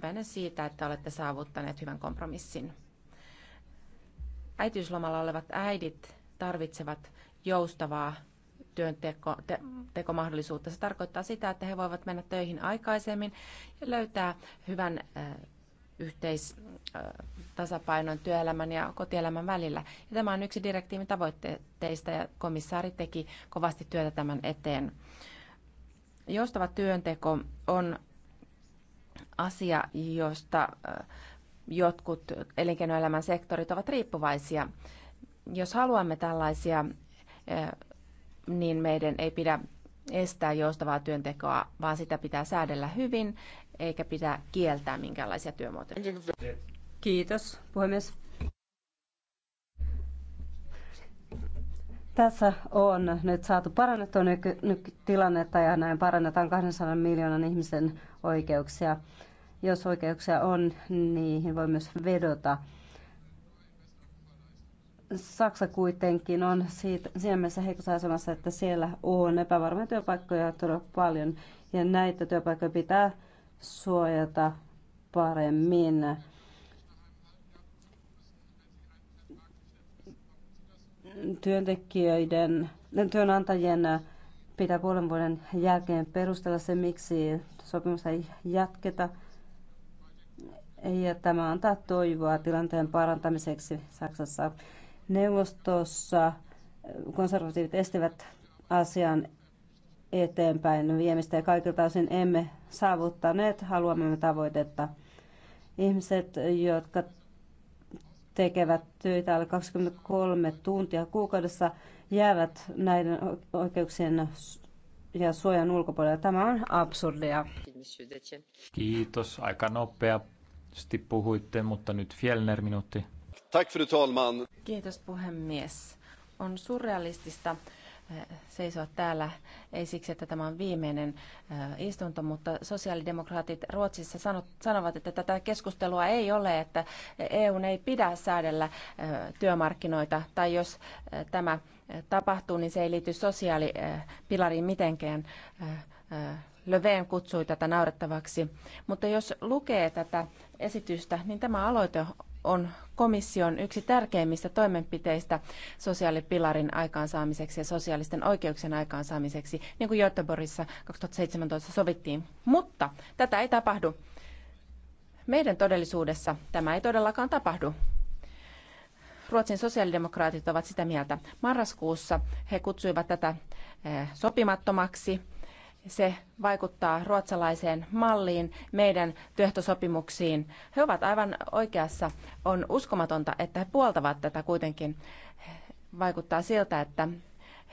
tyytyväinen siitä, että olette saavuttaneet hyvän kompromissin. Äitiyslomalla olevat äidit tarvitsevat joustavaa työntekomahdollisuutta. Te, Se tarkoittaa sitä, että he voivat mennä töihin aikaisemmin ja löytää hyvän äh, yhteistasapainon äh, työelämän ja kotielämän välillä. Ja tämä on yksi direktiivin tavoitteista ja komissaari teki kovasti työtä tämän eteen. Joustava työnteko on asia, josta äh, jotkut elinkeinoelämän sektorit ovat riippuvaisia. Jos haluamme tällaisia, äh, niin meidän ei pidä estää joustavaa työntekoa, vaan sitä pitää säädellä hyvin, eikä pitää kieltää minkäänlaisia työmuotoja. Kiitos, puhemies. Tässä on nyt saatu parannettua nykytilannetta ja näin parannetaan 200 miljoonan ihmisen oikeuksia. Jos oikeuksia on, niihin voi myös vedota. Saksa kuitenkin on siitä, siinä mielessä heikossa asemassa, että siellä on epävarmoja työpaikkoja todella paljon ja näitä työpaikkoja pitää suojata paremmin. työntekijöiden, työnantajien pitää puolen vuoden jälkeen perustella se, miksi sopimus ei jatketa. Ja tämä antaa toivoa tilanteen parantamiseksi Saksassa. Neuvostossa konservatiivit estivät asian eteenpäin viemistä ja kaikilta osin emme saavuttaneet haluamme tavoitetta. Ihmiset, jotka tekevät töitä alle 23 tuntia kuukaudessa, jäävät näiden oikeuksien ja suojan ulkopuolella. Tämä on absurdia. Kiitos. Aika nopeasti puhuitte, mutta nyt Fjellner minuutti. Tack, talman. Kiitos puhemies. On surrealistista, seisoa täällä, ei siksi, että tämä on viimeinen äh, istunto, mutta sosiaalidemokraatit Ruotsissa sanovat, että tätä keskustelua ei ole, että EU ei pidä säädellä äh, työmarkkinoita, tai jos äh, tämä tapahtuu, niin se ei liity sosiaalipilariin mitenkään. Löveen kutsui tätä naurettavaksi. Mutta jos lukee tätä esitystä, niin tämä aloite on komission yksi tärkeimmistä toimenpiteistä sosiaalipilarin aikaansaamiseksi ja sosiaalisten oikeuksien aikaansaamiseksi, niin kuin Göteborgissa 2017 sovittiin. Mutta tätä ei tapahdu. Meidän todellisuudessa tämä ei todellakaan tapahdu. Ruotsin sosiaalidemokraatit ovat sitä mieltä. Marraskuussa he kutsuivat tätä eh, sopimattomaksi se vaikuttaa ruotsalaiseen malliin, meidän työhtosopimuksiin. He ovat aivan oikeassa. On uskomatonta, että he puoltavat tätä kuitenkin. Vaikuttaa siltä, että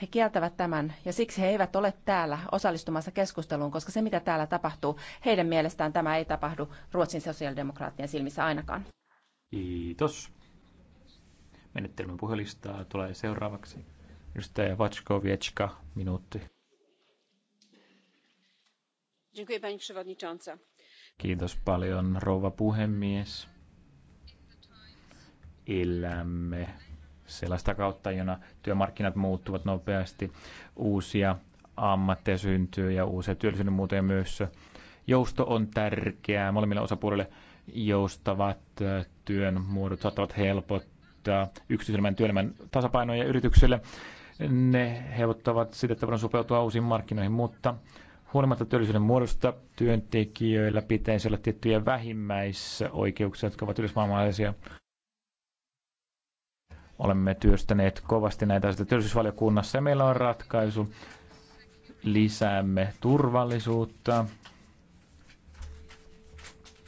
he kieltävät tämän ja siksi he eivät ole täällä osallistumassa keskusteluun, koska se mitä täällä tapahtuu, heidän mielestään tämä ei tapahdu Ruotsin sosiaalidemokraattien silmissä ainakaan. Kiitos. Menettelyn puhelistaa tulee seuraavaksi. Edustaja Vatskoviecka, minuutti pani przewodnicząca. Kiitos paljon, rouva puhemies. Elämme sellaista kautta, jona työmarkkinat muuttuvat nopeasti, uusia ammatteja syntyy ja uusia työllisyyden muotoja myös. Jousto on tärkeää. Molemmille osapuolille joustavat työn muodot saattavat helpottaa yksityiselämän työelämän tasapainoja yrityksille. Ne helpottavat sitä, että voidaan sopeutua uusiin markkinoihin, mutta Huolimatta työllisyyden muodosta työntekijöillä pitäisi olla tiettyjä vähimmäisoikeuksia, jotka ovat yleismaailmallisia. Olemme työstäneet kovasti näitä asioita työllisyysvaliokunnassa ja meillä on ratkaisu. Lisäämme turvallisuutta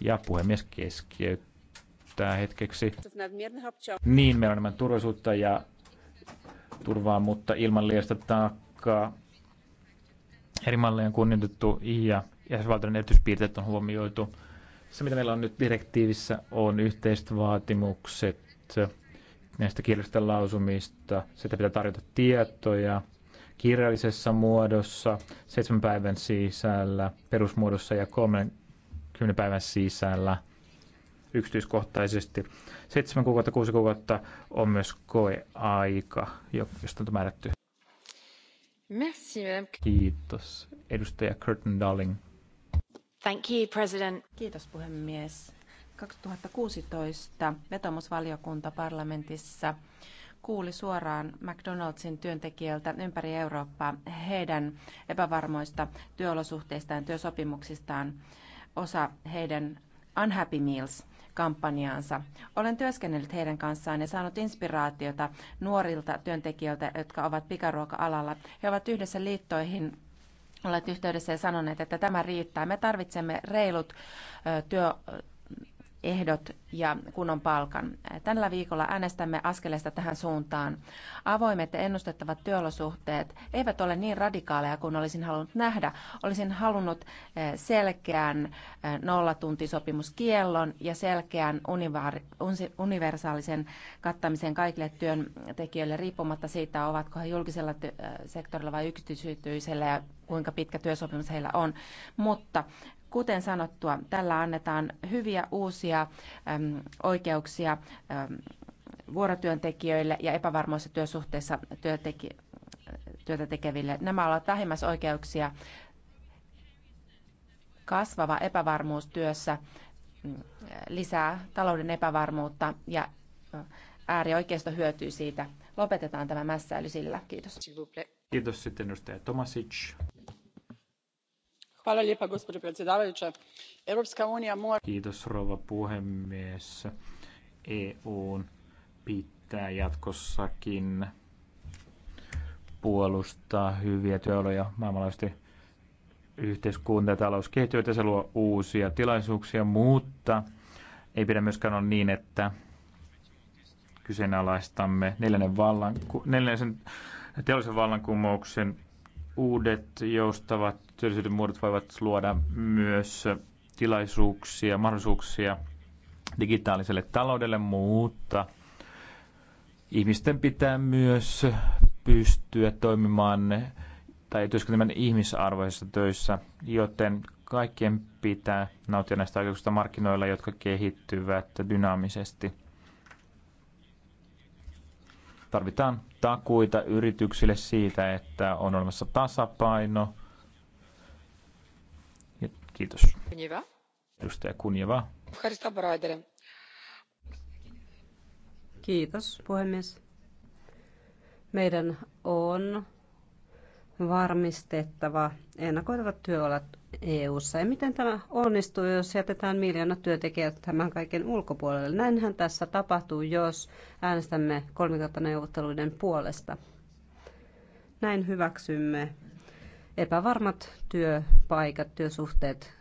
ja puhemies keskeyttää hetkeksi. Niin, meillä on enemmän turvallisuutta ja turvaa, mutta ilman liiasta taakkaa eri malleja on kunnioitettu ja jäsenvaltioiden erityispiirteet on huomioitu. Se, mitä meillä on nyt direktiivissä, on yhteiset vaatimukset näistä kirjallisista lausumista. Sitä pitää tarjota tietoja kirjallisessa muodossa, seitsemän päivän sisällä, perusmuodossa ja 30 päivän sisällä yksityiskohtaisesti. Seitsemän kuukautta, kuusi kuukautta on myös koeaika, josta on määrätty Merci, Kiitos. Edustaja Curtin Darling. Thank you, President. Kiitos puhemies. 2016 vetomusvaliokunta parlamentissa kuuli suoraan McDonaldsin työntekijöiltä ympäri Eurooppaa heidän epävarmoista työolosuhteistaan, työsopimuksistaan. Osa heidän unhappy meals kampanjaansa. Olen työskennellyt heidän kanssaan ja saanut inspiraatiota nuorilta työntekijöiltä, jotka ovat pikaruoka-alalla. He ovat yhdessä liittoihin olleet yhteydessä ja sanoneet, että tämä riittää. Me tarvitsemme reilut työ, ehdot ja kunnon palkan. Tällä viikolla äänestämme askeleesta tähän suuntaan. Avoimet ja ennustettavat työolosuhteet eivät ole niin radikaaleja kuin olisin halunnut nähdä. Olisin halunnut eh, selkeän eh, nollatuntisopimuskiellon ja selkeän universaalisen kattamisen kaikille työntekijöille riippumatta siitä, ovatko he julkisella eh, sektorilla vai yksityisellä ja kuinka pitkä työsopimus heillä on. Mutta Kuten sanottua, tällä annetaan hyviä uusia äm, oikeuksia äm, vuorotyöntekijöille ja epävarmoissa työsuhteissa työteki, työtä tekeville. Nämä ovat vähimmäisoikeuksia. Kasvava epävarmuus työssä mm, lisää talouden epävarmuutta ja äärioikeisto hyötyy siitä. Lopetetaan tämä mässäily sillä. Kiitos. Kiitos sitten edustaja Tomasic arvoisa puhemies kiitos rouva puhemies n e pitää jatkossakin puolustaa hyviä työoloja maailmanlaajuisesti yhteiskunta ja talous kehittyvät ja se luo uusia tilaisuuksia, mutta ei pidä myöskään olla niin, että kyseenalaistamme neljännen, vallan, neljännen teollisen vallankumouksen Uudet joustavat työllisyyden muodot voivat luoda myös tilaisuuksia, mahdollisuuksia digitaaliselle taloudelle, mutta ihmisten pitää myös pystyä toimimaan tai työskentelemään ihmisarvoisissa töissä, joten kaikkien pitää nauttia näistä oikeuksista markkinoilla, jotka kehittyvät dynaamisesti. Tarvitaan takuita yrityksille siitä, että on olemassa tasapaino. Kiitos. Kunjeva. Edustaja Kunjeva. Kiitos, puhemies. Meidän on varmistettava ennakoitavat työolot EU-ssa. Ja miten tämä onnistuu, jos jätetään miljoona työntekijät tämän kaiken ulkopuolelle? Näinhän tässä tapahtuu, jos äänestämme neuvotteluiden puolesta. Näin hyväksymme epävarmat työpaikat, työsuhteet,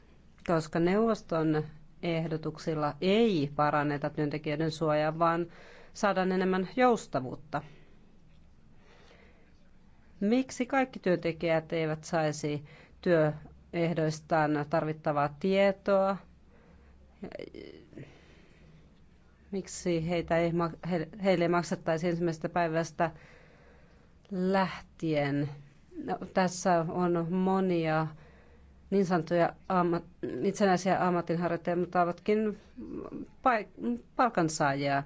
koska neuvoston ehdotuksilla ei paranneta työntekijöiden suojaa, vaan saadaan enemmän joustavuutta. Miksi kaikki työntekijät eivät saisi työ ehdoistaan tarvittavaa tietoa. Miksi heitä ei, heille ei maksettaisi ensimmäisestä päivästä lähtien? No, tässä on monia niin sanottuja ammat, itsenäisiä ammatinharjoittajia, mutta ovatkin paik- palkansaajia.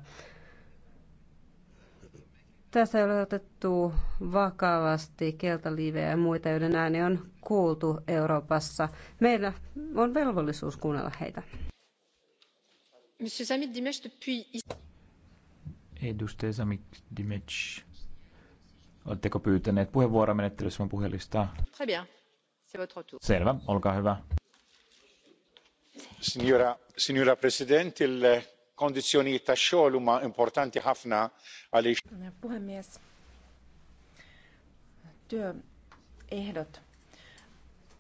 Tässä ei ole otettu vakavasti keltaliivejä ja muita, joiden ääni on kuultu Euroopassa. Meillä on velvollisuus kuunnella heitä. Edustaja Sami Dimech, oletteko pyytäneet puheenvuoroa menettelyssä puhelistaa? Selvä, olkaa hyvä. Signora, signora presidentille kondizzjonijiet tax-xogħol huma importanti ħafna għaliex puhemies työehdot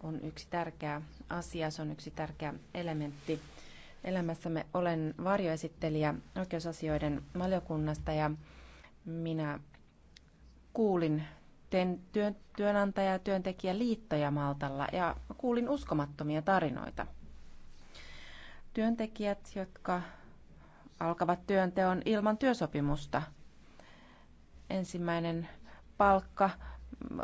on yksi tärkeä asia, se on yksi tärkeä elementti elämässämme. Olen varjoesittelijä oikeusasioiden valiokunnasta ja minä kuulin teen työn, työnantaja- ja työntekijäliittoja Maltalla ja kuulin uskomattomia tarinoita. Työntekijät, jotka alkavat työnteon ilman työsopimusta. Ensimmäinen palkka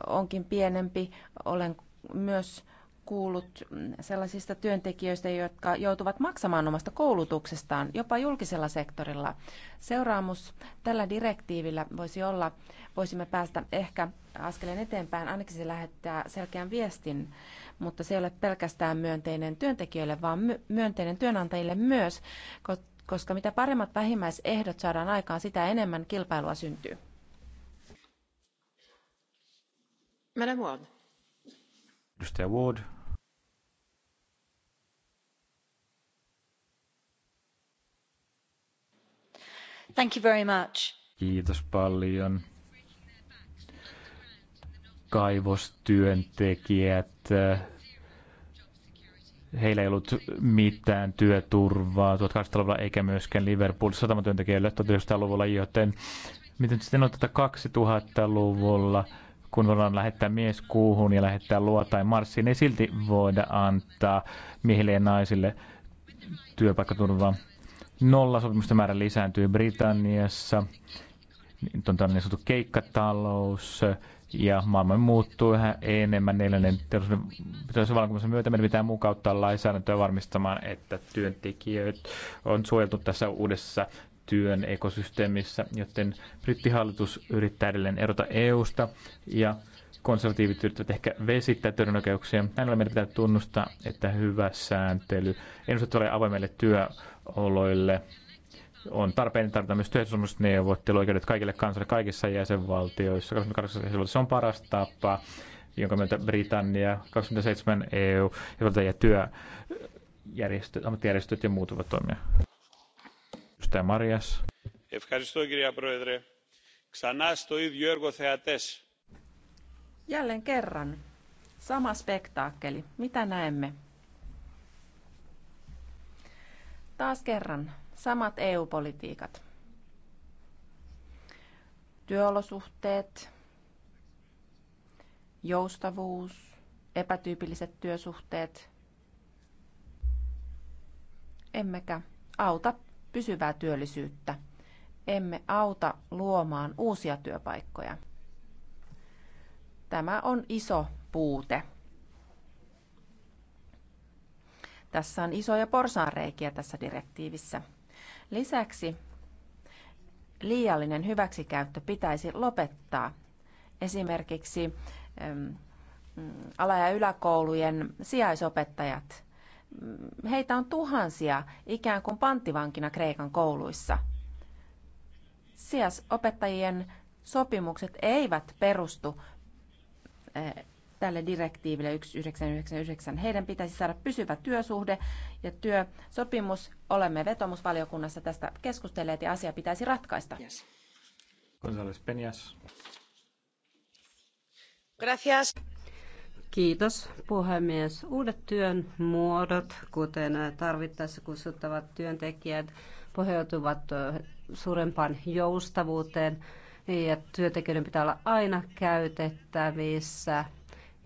onkin pienempi. Olen myös kuullut sellaisista työntekijöistä, jotka joutuvat maksamaan omasta koulutuksestaan jopa julkisella sektorilla. Seuraamus tällä direktiivillä voisi olla, voisimme päästä ehkä askeleen eteenpäin, ainakin se lähettää selkeän viestin, mutta se ei ole pelkästään myönteinen työntekijöille, vaan myönteinen työnantajille myös, koska mitä paremmat vähimmäisehdot saadaan aikaan, sitä enemmän kilpailua syntyy. Madam Ward. Edustaja Ward. Thank you very much. Kiitos paljon. Kaivostyöntekijät heillä ei ollut mitään työturvaa 1800-luvulla eikä myöskään Liverpoolissa satamatyöntekijöille 1900-luvulla, joten miten sitten on tätä 2000-luvulla, kun voidaan lähettää mies kuuhun ja lähettää tai marssiin, ei silti voida antaa miehille ja naisille työpaikkaturvaa. Nolla sopimusten määrä lisääntyy Britanniassa. Nyt on tällainen sanottu keikkatalous, ja maailma muuttuu yhä enemmän neljännen teollisuuden vallankumouksen myötä. Meidän pitää mukauttaa lainsäädäntöä varmistamaan, että työntekijöitä on suojeltu tässä uudessa työn ekosysteemissä, joten brittihallitus yrittää edelleen erota EUsta ja konservatiivit yrittävät ehkä vesittää työnoikeuksia. Näin meidän pitää tunnustaa, että hyvä sääntely ennustettavalle avoimelle työoloille – on tarpeen tarvita myös työehtosopimusneuvotteluoikeudet kaikille kansalle kaikissa jäsenvaltioissa. 28 se on paras tapa, jonka myötä Britannia, 27 EU ja työjärjestöt, ammattijärjestöt ja muut ovat toimia. Edustaja Marias. Jälleen kerran. Sama spektaakkeli. Mitä näemme? Taas kerran samat EU-politiikat. Työolosuhteet, joustavuus, epätyypilliset työsuhteet, emmekä auta pysyvää työllisyyttä, emme auta luomaan uusia työpaikkoja. Tämä on iso puute. Tässä on isoja porsaanreikiä tässä direktiivissä. Lisäksi liiallinen hyväksikäyttö pitäisi lopettaa. Esimerkiksi mm, ala- ja yläkoulujen sijaisopettajat, mm, heitä on tuhansia ikään kuin panttivankina Kreikan kouluissa. Sijaisopettajien sopimukset eivät perustu eh, tälle direktiiville 1999. Heidän pitäisi saada pysyvä työsuhde ja työsopimus. Olemme vetomusvaliokunnassa tästä keskustelleet ja asia pitäisi ratkaista. Yes. González Gracias. Kiitos puhemies. Uudet työn muodot, kuten tarvittaessa kutsuttavat työntekijät, pohjautuvat suurempaan joustavuuteen ja työntekijöiden pitää olla aina käytettävissä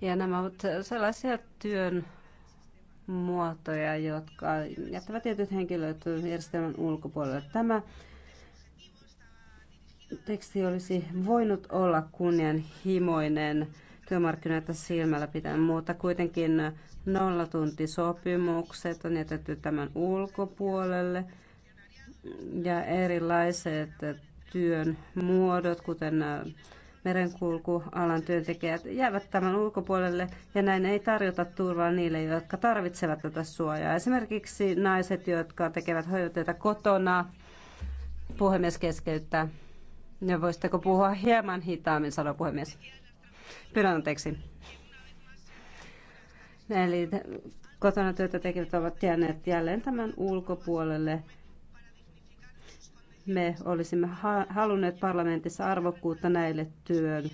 ja nämä ovat sellaisia työn muotoja, jotka jättävät tietyt henkilöt järjestelmän ulkopuolelle. Tämä teksti olisi voinut olla kunnianhimoinen työmarkkinoita silmällä pitäen, mutta kuitenkin nollatuntisopimukset on jätetty tämän ulkopuolelle ja erilaiset työn muodot, kuten merenkulkualan työntekijät jäävät tämän ulkopuolelle ja näin ei tarjota turvaa niille, jotka tarvitsevat tätä suojaa. Esimerkiksi naiset, jotka tekevät hoivatyötä kotona, puhemies keskeyttää. Ja voisitteko puhua hieman hitaammin, sanoi puhemies. Pyydän anteeksi. Eli kotona työtä tekevät ovat jääneet jälleen tämän ulkopuolelle me olisimme halunneet parlamentissa arvokkuutta näille työn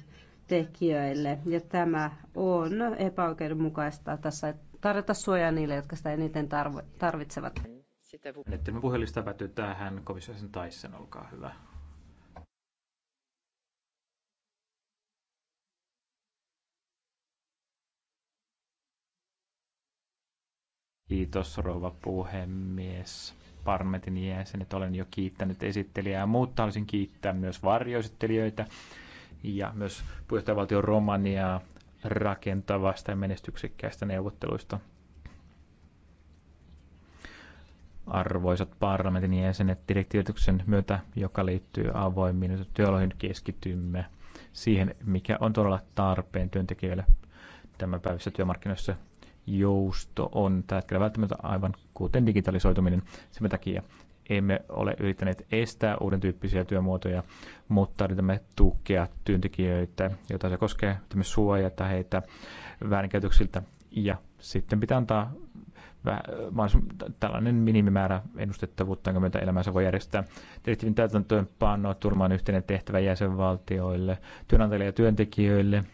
tekijöille. Ja tämä on epäoikeudenmukaista tässä tarjota suojaa niille, jotka sitä eniten tarvitsevat. Sitten me puhelista päätyy tähän. Komissaisen Taisen, olkaa hyvä. Kiitos rouva puhemies parlamentin jäsenet. Olen jo kiittänyt esittelijää, mutta haluaisin kiittää myös varjoesittelijöitä ja myös puheenjohtajavaltion Romaniaa rakentavasta ja menestyksekkäistä neuvotteluista. Arvoisat parlamentin jäsenet, direktiivityksen myötä, joka liittyy avoimiin työoloihin, keskitymme siihen, mikä on todella tarpeen työntekijöille tämän päivässä työmarkkinoissa jousto on tällä hetkellä välttämättä aivan kuten digitalisoituminen. Sen takia emme ole yrittäneet estää uuden tyyppisiä työmuotoja, mutta yritämme tukea työntekijöitä, joita se koskee, yritämme suojata heitä väärinkäytöksiltä ja sitten pitää antaa tällainen minimimäärä ennustettavuutta, jonka myötä elämänsä voi järjestää. Direktiivin täytäntöönpano turmaan yhteinen tehtävä jäsenvaltioille, työnantajille ja työntekijöille –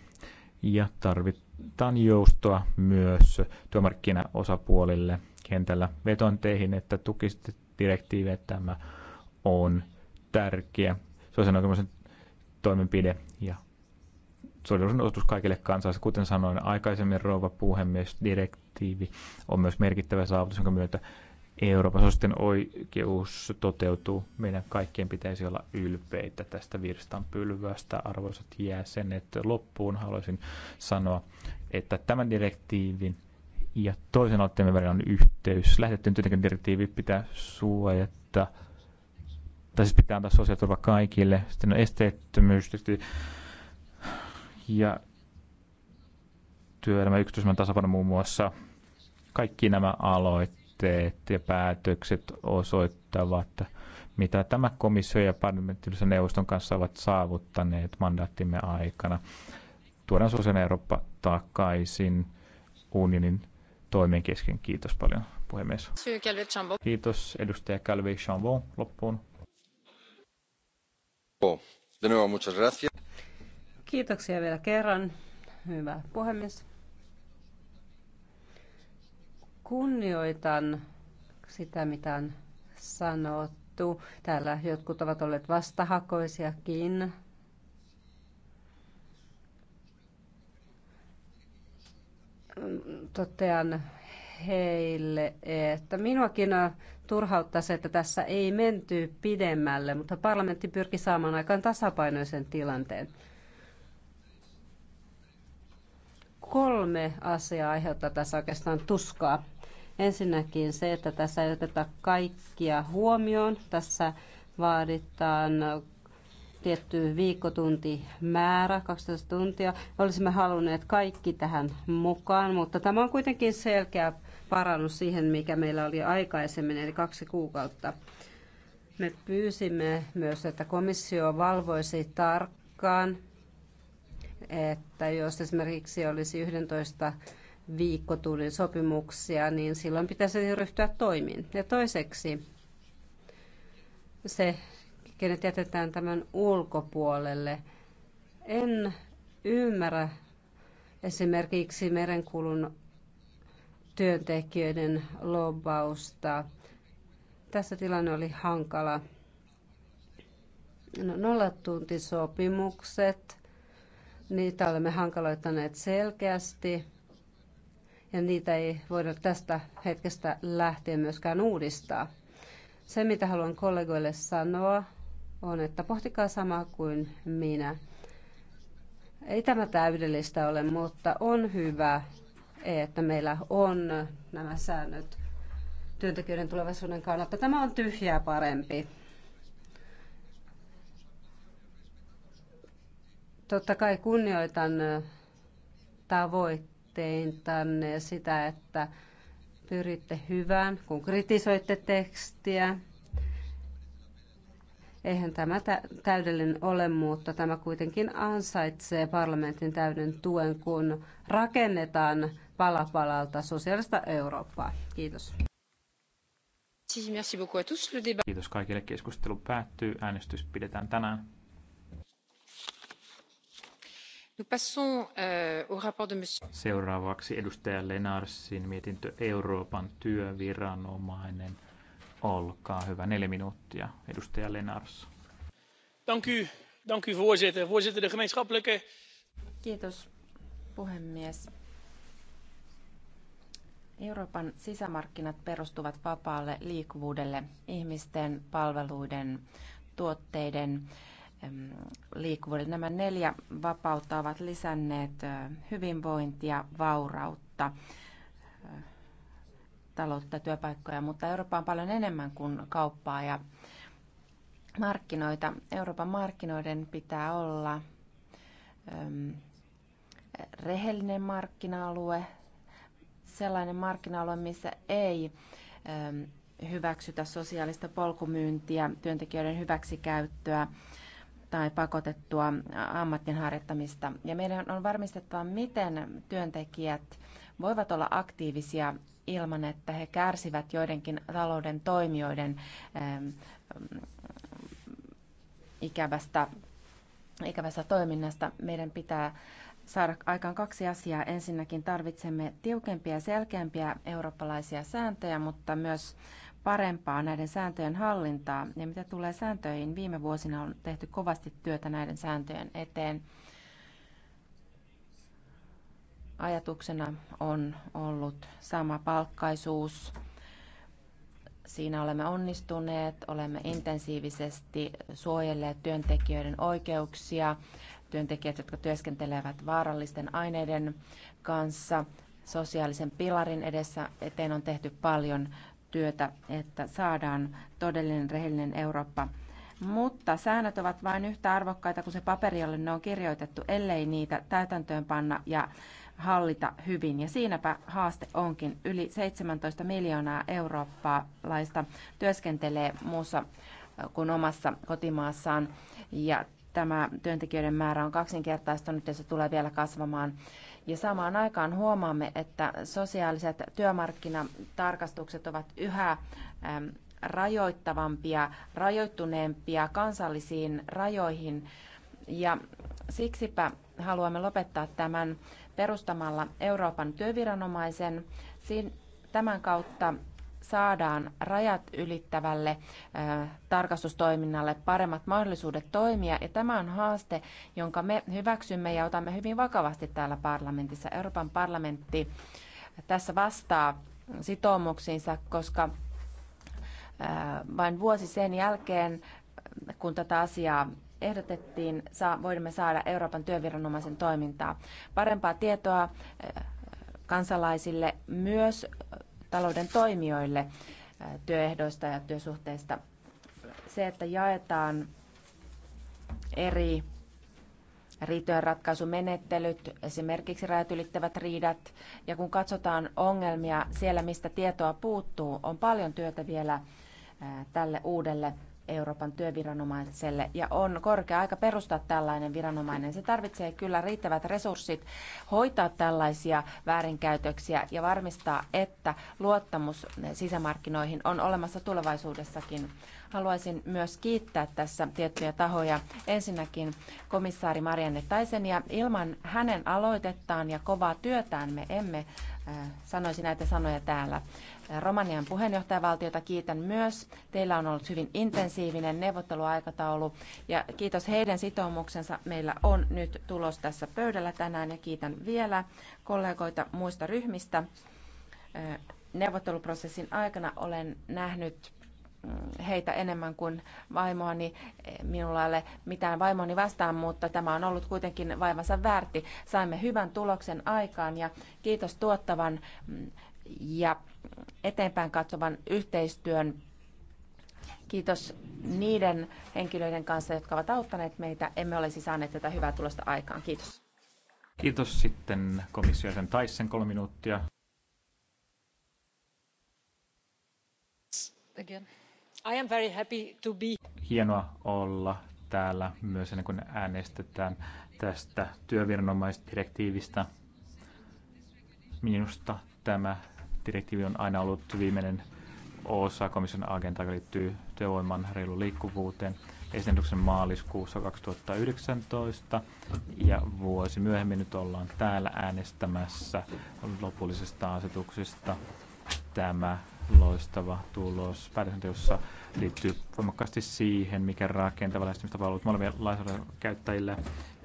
ja tarvitaan joustoa myös työmarkkinaosapuolille kentällä. Veton teihin, että tukisitte direktiiviä, tämä on tärkeä sosiaalinen toimenpide ja solidarisuuden osoitus kaikille kansalaisille. Kuten sanoin aikaisemmin, rouva puhemies, direktiivi on myös merkittävä saavutus, jonka myötä Euroopan sitten oikeus toteutuu. Meidän kaikkien pitäisi olla ylpeitä tästä virstanpylvästä, arvoisat jäsenet. Loppuun haluaisin sanoa, että tämän direktiivin ja toisen aloitteemme välillä on yhteys. Lähetettyyn työntekijän direktiivi pitää suojata, tai siis pitää antaa sosiaaliturva kaikille. Sitten on esteettömyys ja työelämä yksityisemmän tasapaino muun muassa. Kaikki nämä aloitteet aloitteet ja päätökset osoittavat, mitä tämä komissio ja parlamentaarisen neuvoston kanssa ovat saavuttaneet mandaattimme aikana. Tuodaan sosiaalinen Eurooppa takaisin unionin toimien kesken. Kiitos paljon, puhemies. Kiitos, edustaja Calvi Chambon. Loppuun. Kiitoksia vielä kerran. Hyvä puhemies. Kunnioitan sitä, mitä on sanottu. Täällä jotkut ovat olleet vastahakoisiakin. Totean heille, että minuakin turhauttaa se, että tässä ei menty pidemmälle, mutta parlamentti pyrki saamaan aikaan tasapainoisen tilanteen. Kolme asiaa aiheuttaa tässä oikeastaan tuskaa. Ensinnäkin se, että tässä ei oteta kaikkia huomioon. Tässä vaaditaan tietty viikkotuntimäärä, 12 tuntia. Olisimme halunneet kaikki tähän mukaan, mutta tämä on kuitenkin selkeä parannus siihen, mikä meillä oli aikaisemmin, eli kaksi kuukautta. Me pyysimme myös, että komissio valvoisi tarkkaan, että jos esimerkiksi olisi 11 viikkotunnin sopimuksia, niin silloin pitäisi ryhtyä toimiin. Ja toiseksi se, kenet jätetään tämän ulkopuolelle. En ymmärrä esimerkiksi merenkulun työntekijöiden lobbausta. Tässä tilanne oli hankala. No, nollatuntisopimukset, niitä olemme hankaloittaneet selkeästi ja niitä ei voida tästä hetkestä lähtien myöskään uudistaa. Se, mitä haluan kollegoille sanoa, on, että pohtikaa samaa kuin minä. Ei tämä täydellistä ole, mutta on hyvä, että meillä on nämä säännöt työntekijöiden tulevaisuuden kannalta. Tämä on tyhjää parempi. Totta kai kunnioitan tavoitteita tein tänne sitä, että pyritte hyvään, kun kritisoitte tekstiä. Eihän tämä täydellinen ole, mutta tämä kuitenkin ansaitsee parlamentin täyden tuen, kun rakennetaan palapalalta sosiaalista Eurooppaa. Kiitos. Kiitos kaikille. Keskustelu päättyy. Äänestys pidetään tänään. Euh, Seuraavaksi edustaja Lenarsin mietintö Euroopan työviranomainen. Olkaa hyvä, neljä minuuttia, edustaja Lenars. Dank u, dank u voorzitter. Voorzitter, de gemeenschappelijke... Kiitos, puhemies. Euroopan sisämarkkinat perustuvat vapaalle liikkuvuudelle ihmisten, palveluiden, tuotteiden liikkuvuudelle. Nämä neljä vapautta ovat lisänneet hyvinvointia, vaurautta, taloutta, työpaikkoja, mutta Eurooppa on paljon enemmän kuin kauppaa ja markkinoita. Euroopan markkinoiden pitää olla rehellinen markkina-alue, sellainen markkina-alue, missä ei hyväksytä sosiaalista polkumyyntiä, työntekijöiden hyväksikäyttöä tai pakotettua ammattien harjoittamista. Ja meidän on varmistettava, miten työntekijät voivat olla aktiivisia ilman, että he kärsivät joidenkin talouden toimijoiden ähm, ikävästä, ikävästä toiminnasta. Meidän pitää saada aikaan kaksi asiaa. Ensinnäkin tarvitsemme tiukempia ja selkeämpiä eurooppalaisia sääntöjä, mutta myös parempaa näiden sääntöjen hallintaa. Ja mitä tulee sääntöihin, viime vuosina on tehty kovasti työtä näiden sääntöjen eteen. Ajatuksena on ollut sama palkkaisuus. Siinä olemme onnistuneet, olemme intensiivisesti suojelleet työntekijöiden oikeuksia, työntekijät, jotka työskentelevät vaarallisten aineiden kanssa. Sosiaalisen pilarin edessä eteen on tehty paljon työtä, että saadaan todellinen rehellinen Eurooppa. Mutta säännöt ovat vain yhtä arvokkaita kuin se paperi, jolle ne on kirjoitettu, ellei niitä täytäntöön panna ja hallita hyvin. Ja siinäpä haaste onkin. Yli 17 miljoonaa eurooppalaista työskentelee muussa kuin omassa kotimaassaan. Ja tämä työntekijöiden määrä on kaksinkertaistunut ja se tulee vielä kasvamaan. Ja samaan aikaan huomaamme, että sosiaaliset työmarkkinatarkastukset ovat yhä rajoittavampia, rajoittuneempia kansallisiin rajoihin. Ja siksipä haluamme lopettaa tämän perustamalla Euroopan työviranomaisen. Tämän kautta saadaan rajat ylittävälle tarkastustoiminnalle paremmat mahdollisuudet toimia. Ja tämä on haaste, jonka me hyväksymme ja otamme hyvin vakavasti täällä parlamentissa. Euroopan parlamentti tässä vastaa sitoumuksiinsa, koska vain vuosi sen jälkeen, kun tätä asiaa ehdotettiin, saa, voimme saada Euroopan työviranomaisen toimintaa. Parempaa tietoa kansalaisille myös talouden toimijoille työehdoista ja työsuhteista. Se, että jaetaan eri riitojen ratkaisumenettelyt, esimerkiksi rajat ylittävät riidat. Ja kun katsotaan ongelmia siellä, mistä tietoa puuttuu, on paljon työtä vielä tälle uudelle Euroopan työviranomaiselle ja on korkea aika perustaa tällainen viranomainen. Se tarvitsee kyllä riittävät resurssit hoitaa tällaisia väärinkäytöksiä ja varmistaa, että luottamus sisämarkkinoihin on olemassa tulevaisuudessakin. Haluaisin myös kiittää tässä tiettyjä tahoja. Ensinnäkin komissaari Marianne ja Ilman hänen aloitettaan ja kovaa työtään me emme äh, sanoisi näitä sanoja täällä. Romanian puheenjohtajavaltiota kiitän myös. Teillä on ollut hyvin intensiivinen neuvotteluaikataulu ja kiitos heidän sitoumuksensa. Meillä on nyt tulos tässä pöydällä tänään ja kiitän vielä kollegoita muista ryhmistä. Äh, neuvotteluprosessin aikana olen nähnyt heitä enemmän kuin vaimoani. Minulla ei ole mitään vaimoani vastaan, mutta tämä on ollut kuitenkin vaivansa väärti. Saimme hyvän tuloksen aikaan ja kiitos tuottavan ja eteenpäin katsovan yhteistyön. Kiitos niiden henkilöiden kanssa, jotka ovat auttaneet meitä. Emme olisi saaneet tätä hyvää tulosta aikaan. Kiitos. Kiitos sitten komissio sen Taisen kolme minuuttia. Again. I am very happy to be. Hienoa olla täällä myös ennen kuin äänestetään tästä työviranomaisdirektiivistä. Minusta tämä direktiivi on aina ollut viimeinen osa komission agendaa, joka liittyy työvoiman reilu liikkuvuuteen esityksen maaliskuussa 2019 ja vuosi myöhemmin nyt ollaan täällä äänestämässä lopullisesta asetuksesta. Tämä loistava tulos päätöksenteossa liittyy voimakkaasti siihen, mikä rakentava lähestymistapa on ollut molemmille lainsäädännön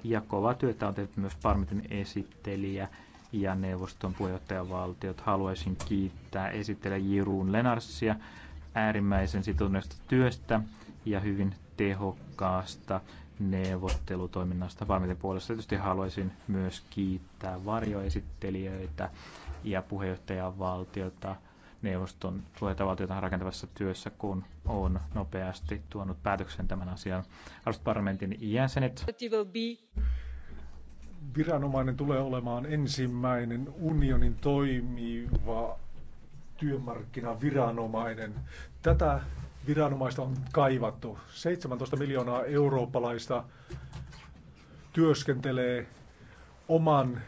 Ja kovaa työtä on tehty myös Parmitin esittelijä ja neuvoston puheenjohtajavaltiot. Haluaisin kiittää esittelijä Jiruun Lenarsia äärimmäisen sitoutuneesta työstä ja hyvin tehokkaasta neuvottelutoiminnasta Valmiiden puolesta. Tietysti haluaisin myös kiittää varjoesittelijöitä ja puheenjohtajavaltiota neuvoston puheenjohtajavaltiotaan rakentavassa työssä, kun on nopeasti tuonut päätöksen tämän asian. Arvoisat parlamentin jäsenet. Viranomainen tulee olemaan ensimmäinen unionin toimiva työmarkkinaviranomainen. Tätä viranomaista on kaivattu. 17 miljoonaa eurooppalaista työskentelee oman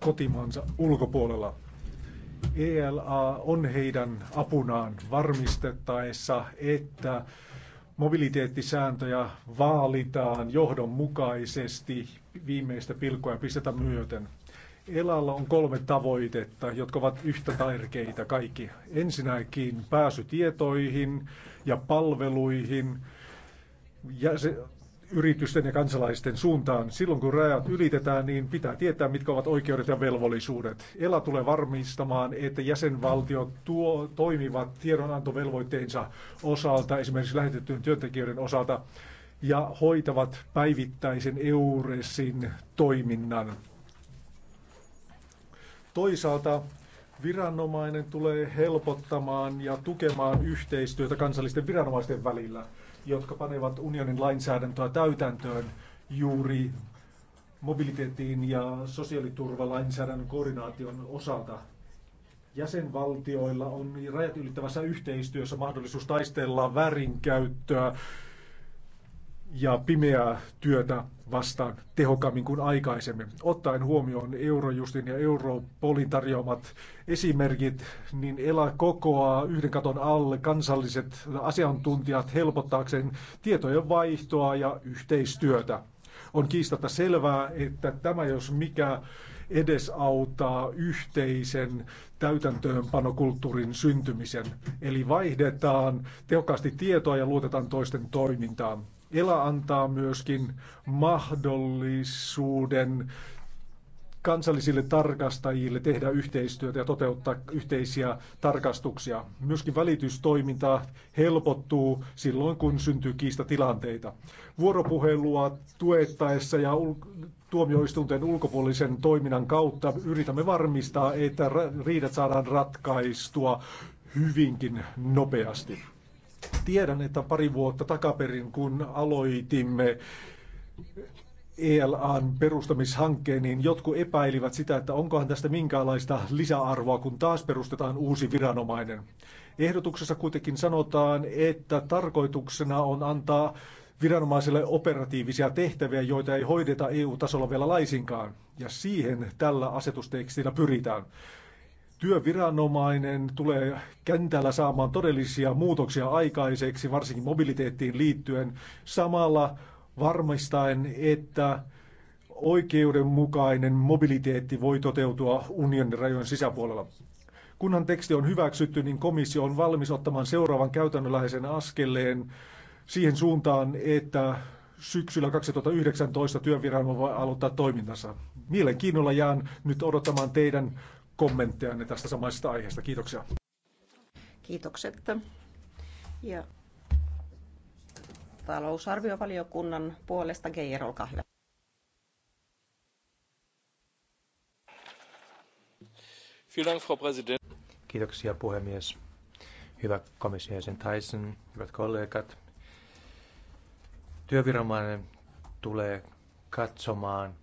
kotimaansa ulkopuolella. ELA on heidän apunaan varmistettaessa, että mobiliteettisääntöjä vaalitaan johdonmukaisesti viimeistä pilkkoa ja pistetä myöten. Elalla on kolme tavoitetta, jotka ovat yhtä tärkeitä kaikki. Ensinnäkin pääsy tietoihin ja palveluihin, ja se yritysten ja kansalaisten suuntaan. Silloin kun rajat ylitetään, niin pitää tietää, mitkä ovat oikeudet ja velvollisuudet. ELA tulee varmistamaan, että jäsenvaltiot tuo, toimivat tiedonantovelvoitteensa osalta, esimerkiksi lähetettyjen työntekijöiden osalta, ja hoitavat päivittäisen EURESin toiminnan. Toisaalta viranomainen tulee helpottamaan ja tukemaan yhteistyötä kansallisten viranomaisten välillä – jotka panevat unionin lainsäädäntöä täytäntöön juuri mobiliteettiin ja sosiaaliturvalainsäädännön koordinaation osalta. Jäsenvaltioilla on rajat ylittävässä yhteistyössä mahdollisuus taistella väärinkäyttöä ja pimeää työtä vastaan tehokkaammin kuin aikaisemmin. Ottaen huomioon Eurojustin ja Europolin tarjoamat esimerkit, niin ELA kokoaa yhden katon alle kansalliset asiantuntijat helpottaakseen tietojen vaihtoa ja yhteistyötä. On kiistatta selvää, että tämä jos mikä edesauttaa yhteisen täytäntöönpanokulttuurin syntymisen. Eli vaihdetaan tehokkaasti tietoa ja luotetaan toisten toimintaan. ELA antaa myöskin mahdollisuuden kansallisille tarkastajille tehdä yhteistyötä ja toteuttaa yhteisiä tarkastuksia. Myöskin välitystoiminta helpottuu silloin, kun syntyy kiistatilanteita. Vuoropuhelua tuettaessa ja tuomioistuinten ulkopuolisen toiminnan kautta yritämme varmistaa, että riidat saadaan ratkaistua hyvinkin nopeasti. Tiedän, että pari vuotta takaperin, kun aloitimme ELAn perustamishankkeen, niin jotkut epäilivät sitä, että onkohan tästä minkäänlaista lisäarvoa, kun taas perustetaan uusi viranomainen. Ehdotuksessa kuitenkin sanotaan, että tarkoituksena on antaa viranomaisille operatiivisia tehtäviä, joita ei hoideta EU-tasolla vielä laisinkaan. Ja siihen tällä asetustekstillä pyritään työviranomainen tulee kentällä saamaan todellisia muutoksia aikaiseksi, varsinkin mobiliteettiin liittyen, samalla varmistaen, että oikeudenmukainen mobiliteetti voi toteutua unionin rajojen sisäpuolella. Kunhan teksti on hyväksytty, niin komissio on valmis ottamaan seuraavan käytännönläheisen askeleen siihen suuntaan, että syksyllä 2019 työviranomainen aloittaa toimintansa. Mielenkiinnolla jään nyt odottamaan teidän kommenttejanne tästä samaisesta aiheesta. Kiitoksia. Kiitokset. Ja talousarviovaliokunnan puolesta Geijer, olkaa hyvä. Kiitoksia puhemies. Hyvä komission jäsen Tyson, hyvät kollegat. Työviranomainen tulee katsomaan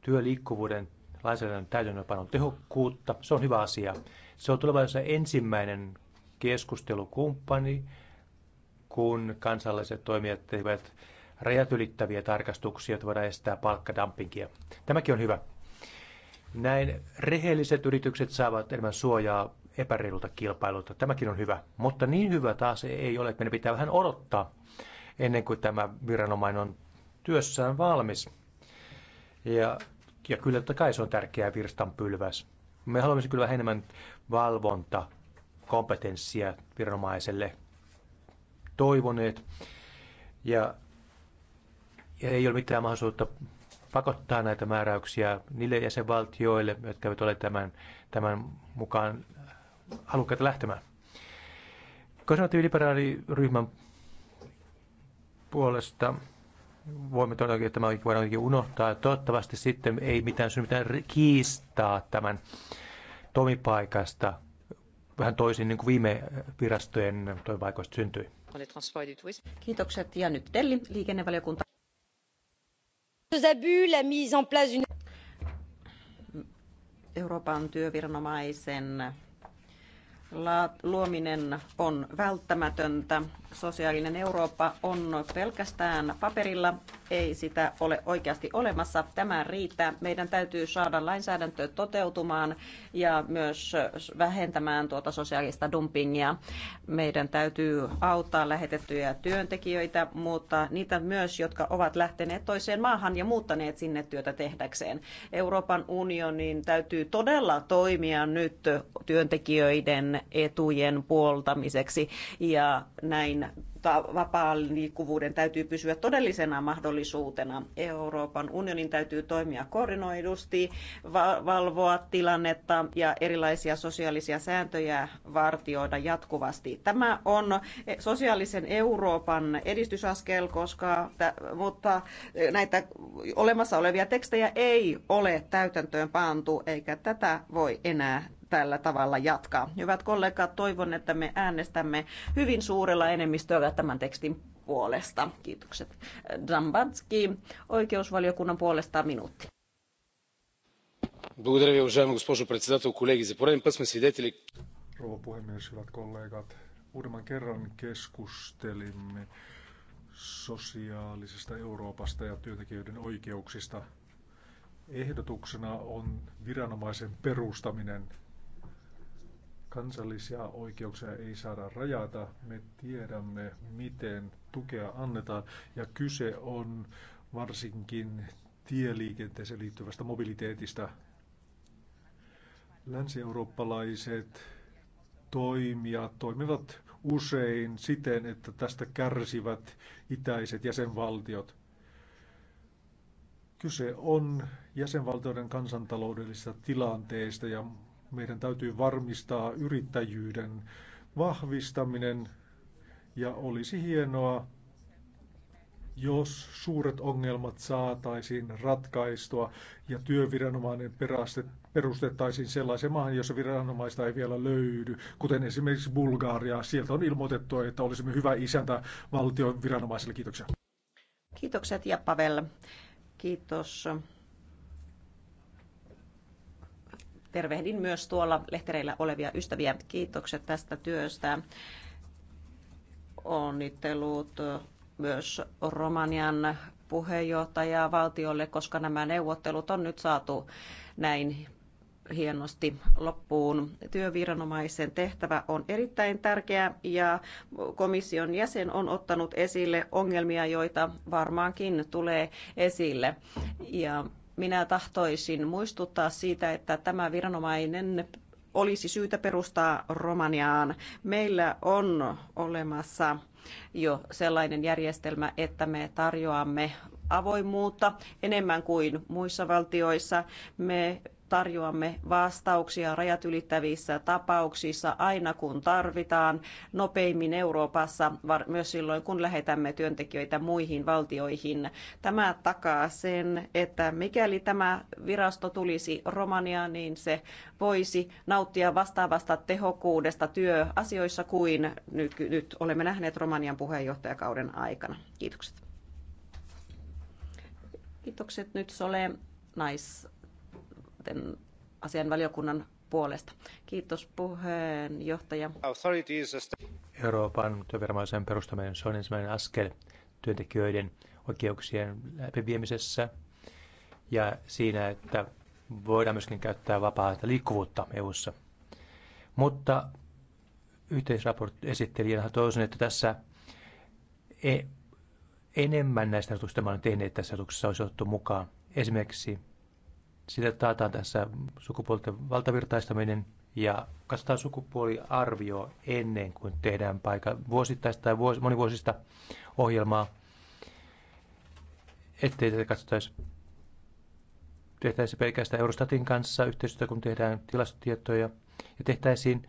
työliikkuvuuden lainsäädännön täytäntöönpanon tehokkuutta. Se on hyvä asia. Se on tulevaisuudessa ensimmäinen keskustelukumppani, kun kansalliset toimijat tekevät rajat ylittäviä tarkastuksia, että voidaan estää palkkadumpingia. Tämäkin on hyvä. Näin rehelliset yritykset saavat enemmän suojaa epäreilulta kilpailulta. Tämäkin on hyvä, mutta niin hyvä taas ei ole, että meidän pitää vähän odottaa ennen kuin tämä viranomainen on työssään valmis. Ja ja kyllä totta kai se on tärkeä virstanpylväs. Me haluaisimme kyllä vähän enemmän valvonta kompetenssia viranomaiselle toivoneet. Ja, ja ei ole mitään mahdollisuutta pakottaa näitä määräyksiä niille jäsenvaltioille, jotka eivät ole tämän, tämän mukaan halukkaita lähtemään. Konservatiiviliberaaliryhmän puolesta voimme todellakin, että tämä voidaan unohtaa. Toivottavasti sitten ei mitään syy mitään kiistaa tämän toimipaikasta vähän toisin niin kuin viime virastojen toivaikoista syntyi. Kiitokset ja nyt Delli, liikennevaliokunta. Euroopan työviranomaisen luominen on välttämätöntä sosiaalinen Eurooppa on pelkästään paperilla, ei sitä ole oikeasti olemassa. Tämä riittää. Meidän täytyy saada lainsäädäntöä toteutumaan ja myös vähentämään tuota sosiaalista dumpingia. Meidän täytyy auttaa lähetettyjä työntekijöitä, mutta niitä myös, jotka ovat lähteneet toiseen maahan ja muuttaneet sinne työtä tehdäkseen. Euroopan unionin täytyy todella toimia nyt työntekijöiden etujen puoltamiseksi ja näin vapaan liikkuvuuden täytyy pysyä todellisena mahdollisuutena. Euroopan unionin täytyy toimia koordinoidusti, valvoa tilannetta ja erilaisia sosiaalisia sääntöjä vartioida jatkuvasti. Tämä on sosiaalisen Euroopan edistysaskel, koska, mutta näitä olemassa olevia tekstejä ei ole täytäntöön pantu, eikä tätä voi enää tällä tavalla jatkaa. Hyvät kollegat, toivon, että me äänestämme hyvin suurella enemmistöllä tämän tekstin puolesta. Kiitokset. Dambatski, oikeusvaliokunnan puolesta minuutti. Благодаря ви, уважаема госпожо председател, колеги. За пореден път сме свидетели... Rouva puhemies, hyvät kollegat. Uudemman kerran keskustelimme sosiaalisesta Euroopasta ja työntekijöiden oikeuksista. Ehdotuksena on viranomaisen perustaminen Kansallisia oikeuksia ei saada rajata. Me tiedämme, miten tukea annetaan ja kyse on varsinkin tieliikenteeseen liittyvästä mobiliteetista. Länsi-eurooppalaiset toimijat toimivat usein siten, että tästä kärsivät itäiset jäsenvaltiot. Kyse on jäsenvaltioiden kansantaloudellisesta tilanteista ja meidän täytyy varmistaa yrittäjyyden vahvistaminen ja olisi hienoa, jos suuret ongelmat saataisiin ratkaistua ja työviranomainen perustettaisiin sellaiseen maahan, jossa viranomaista ei vielä löydy, kuten esimerkiksi Bulgaria. Sieltä on ilmoitettu, että olisimme hyvä isäntä valtion viranomaisille. Kiitoksia. Kiitokset ja Pavel. Kiitos. tervehdin myös tuolla lehtereillä olevia ystäviä. Kiitokset tästä työstä. Onnittelut myös Romanian puheenjohtajaa valtiolle, koska nämä neuvottelut on nyt saatu näin hienosti loppuun. Työviranomaisen tehtävä on erittäin tärkeä ja komission jäsen on ottanut esille ongelmia, joita varmaankin tulee esille. Ja minä tahtoisin muistuttaa siitä, että tämä viranomainen olisi syytä perustaa Romaniaan. Meillä on olemassa jo sellainen järjestelmä, että me tarjoamme avoimuutta enemmän kuin muissa valtioissa. Me tarjoamme vastauksia rajat ylittävissä tapauksissa aina kun tarvitaan, nopeimmin Euroopassa, myös silloin kun lähetämme työntekijöitä muihin valtioihin. Tämä takaa sen, että mikäli tämä virasto tulisi Romaniaan, niin se voisi nauttia vastaavasta tehokkuudesta työasioissa kuin nyt olemme nähneet Romanian puheenjohtajakauden aikana. Kiitokset. Kiitokset nyt Sole nice sitten asian valiokunnan puolesta. Kiitos puheenjohtaja. Euroopan työviranomaisen perustaminen se on ensimmäinen askel työntekijöiden oikeuksien läpiviemisessä ja siinä, että voidaan myöskin käyttää vapaata liikkuvuutta EU:ssa. Mutta yhteisraportin esittelijänä toisin, että tässä e- enemmän näistä ehdotuksista, mitä olen tehnyt tässä ehdotuksessa, olisi otettu mukaan. Esimerkiksi sillä taataan tässä sukupuolten valtavirtaistaminen ja katsotaan sukupuoliarvio ennen kuin tehdään paikka vuosittaista tai vuos, monivuosista ohjelmaa, ettei tätä katsotaisi tehtäisiin pelkästään Eurostatin kanssa yhteistyötä, kun tehdään tilastotietoja, ja tehtäisiin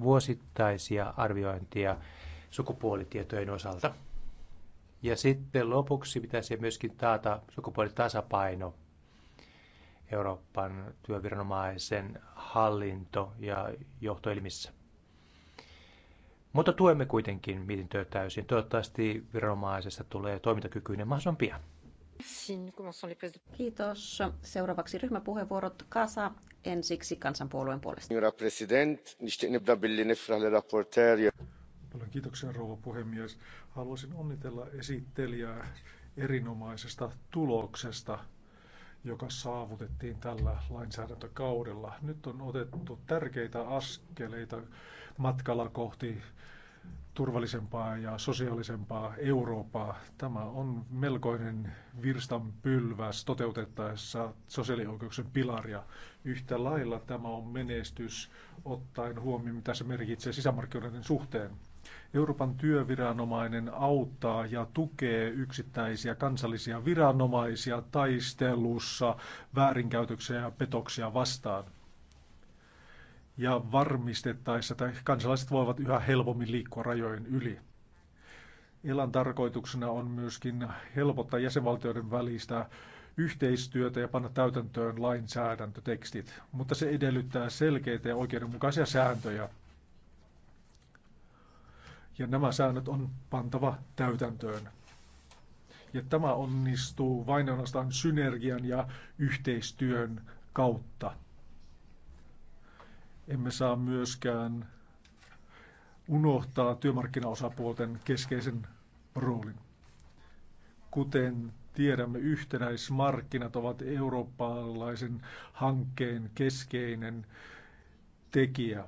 vuosittaisia arviointia sukupuolitietojen osalta. Ja sitten lopuksi pitäisi myöskin taata sukupuolitasapaino Euroopan työviranomaisen hallinto- ja johtoelimissä. Mutta tuemme kuitenkin mietintöä täysin. Toivottavasti viranomaisesta tulee toimintakykyinen mahdollisimman pian. Kiitos. Seuraavaksi ryhmäpuheenvuorot Kasa, ensiksi kansanpuolueen puolesta. Paljon kiitoksia rouva puhemies. Haluaisin onnitella esittelijää erinomaisesta tuloksesta joka saavutettiin tällä lainsäädäntökaudella. Nyt on otettu tärkeitä askeleita matkalla kohti turvallisempaa ja sosiaalisempaa Eurooppaa. Tämä on melkoinen virstanpylväs toteutettaessa sosiaalioikeuksien pilaria. Yhtä lailla tämä on menestys ottaen huomioon, mitä se merkitsee sisämarkkinoiden suhteen. Euroopan työviranomainen auttaa ja tukee yksittäisiä kansallisia viranomaisia taistelussa väärinkäytöksiä ja petoksia vastaan. Ja varmistettaessa, että kansalaiset voivat yhä helpommin liikkua rajojen yli. Elan tarkoituksena on myöskin helpottaa jäsenvaltioiden välistä yhteistyötä ja panna täytäntöön lainsäädäntötekstit, mutta se edellyttää selkeitä ja oikeudenmukaisia sääntöjä. Ja nämä säännöt on pantava täytäntöön. Ja tämä onnistuu vain ainoastaan synergian ja yhteistyön kautta. Emme saa myöskään unohtaa työmarkkinaosapuolten keskeisen roolin. Kuten tiedämme, yhtenäismarkkinat ovat eurooppalaisen hankkeen keskeinen tekijä.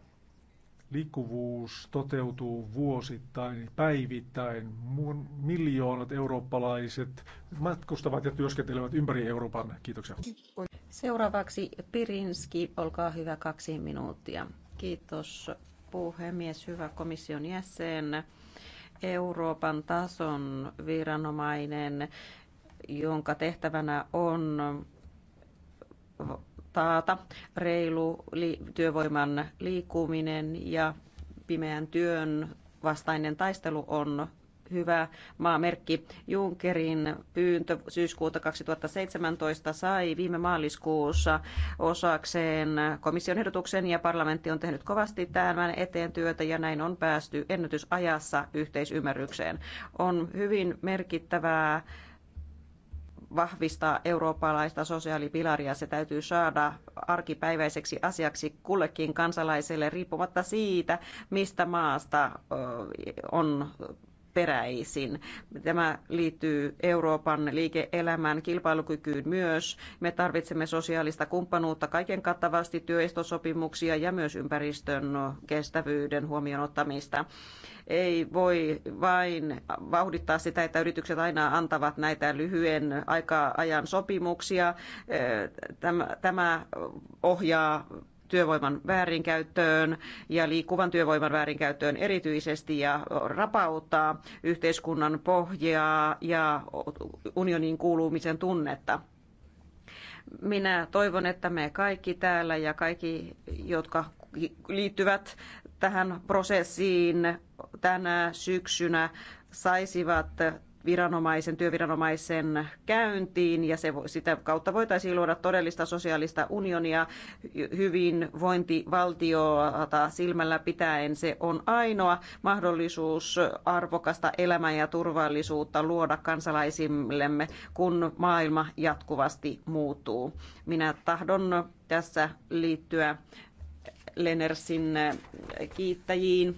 Liikkuvuus toteutuu vuosittain, päivittäin. Miljoonat eurooppalaiset matkustavat ja työskentelevät ympäri Euroopan. Kiitoksia. Seuraavaksi Pirinski, olkaa hyvä kaksi minuuttia. Kiitos puhemies, hyvä komission jäsen. Euroopan tason viranomainen, jonka tehtävänä on taata reilu työvoiman liikkuminen ja pimeän työn vastainen taistelu on hyvä maamerkki. Junckerin pyyntö syyskuuta 2017 sai viime maaliskuussa osakseen komission ehdotuksen ja parlamentti on tehnyt kovasti tämän eteen työtä ja näin on päästy ennätysajassa yhteisymmärrykseen. On hyvin merkittävää vahvistaa eurooppalaista sosiaalipilaria. Se täytyy saada arkipäiväiseksi asiaksi kullekin kansalaiselle riippumatta siitä, mistä maasta on peräisin. Tämä liittyy Euroopan liike-elämän kilpailukykyyn myös. Me tarvitsemme sosiaalista kumppanuutta kaiken kattavasti työehtosopimuksia ja myös ympäristön kestävyyden huomioon ottamista. Ei voi vain vauhdittaa sitä, että yritykset aina antavat näitä lyhyen aika-ajan sopimuksia. Tämä ohjaa työvoiman väärinkäyttöön ja liikkuvan työvoiman väärinkäyttöön erityisesti ja rapauttaa yhteiskunnan pohjaa ja unionin kuulumisen tunnetta minä toivon, että me kaikki täällä ja kaikki, jotka liittyvät tähän prosessiin tänä syksynä, saisivat viranomaisen, työviranomaisen käyntiin ja se, sitä kautta voitaisiin luoda todellista sosiaalista unionia hyvinvointivaltiota silmällä pitäen. Se on ainoa mahdollisuus arvokasta elämää ja turvallisuutta luoda kansalaisillemme, kun maailma jatkuvasti muuttuu. Minä tahdon tässä liittyä Lenersin kiittäjiin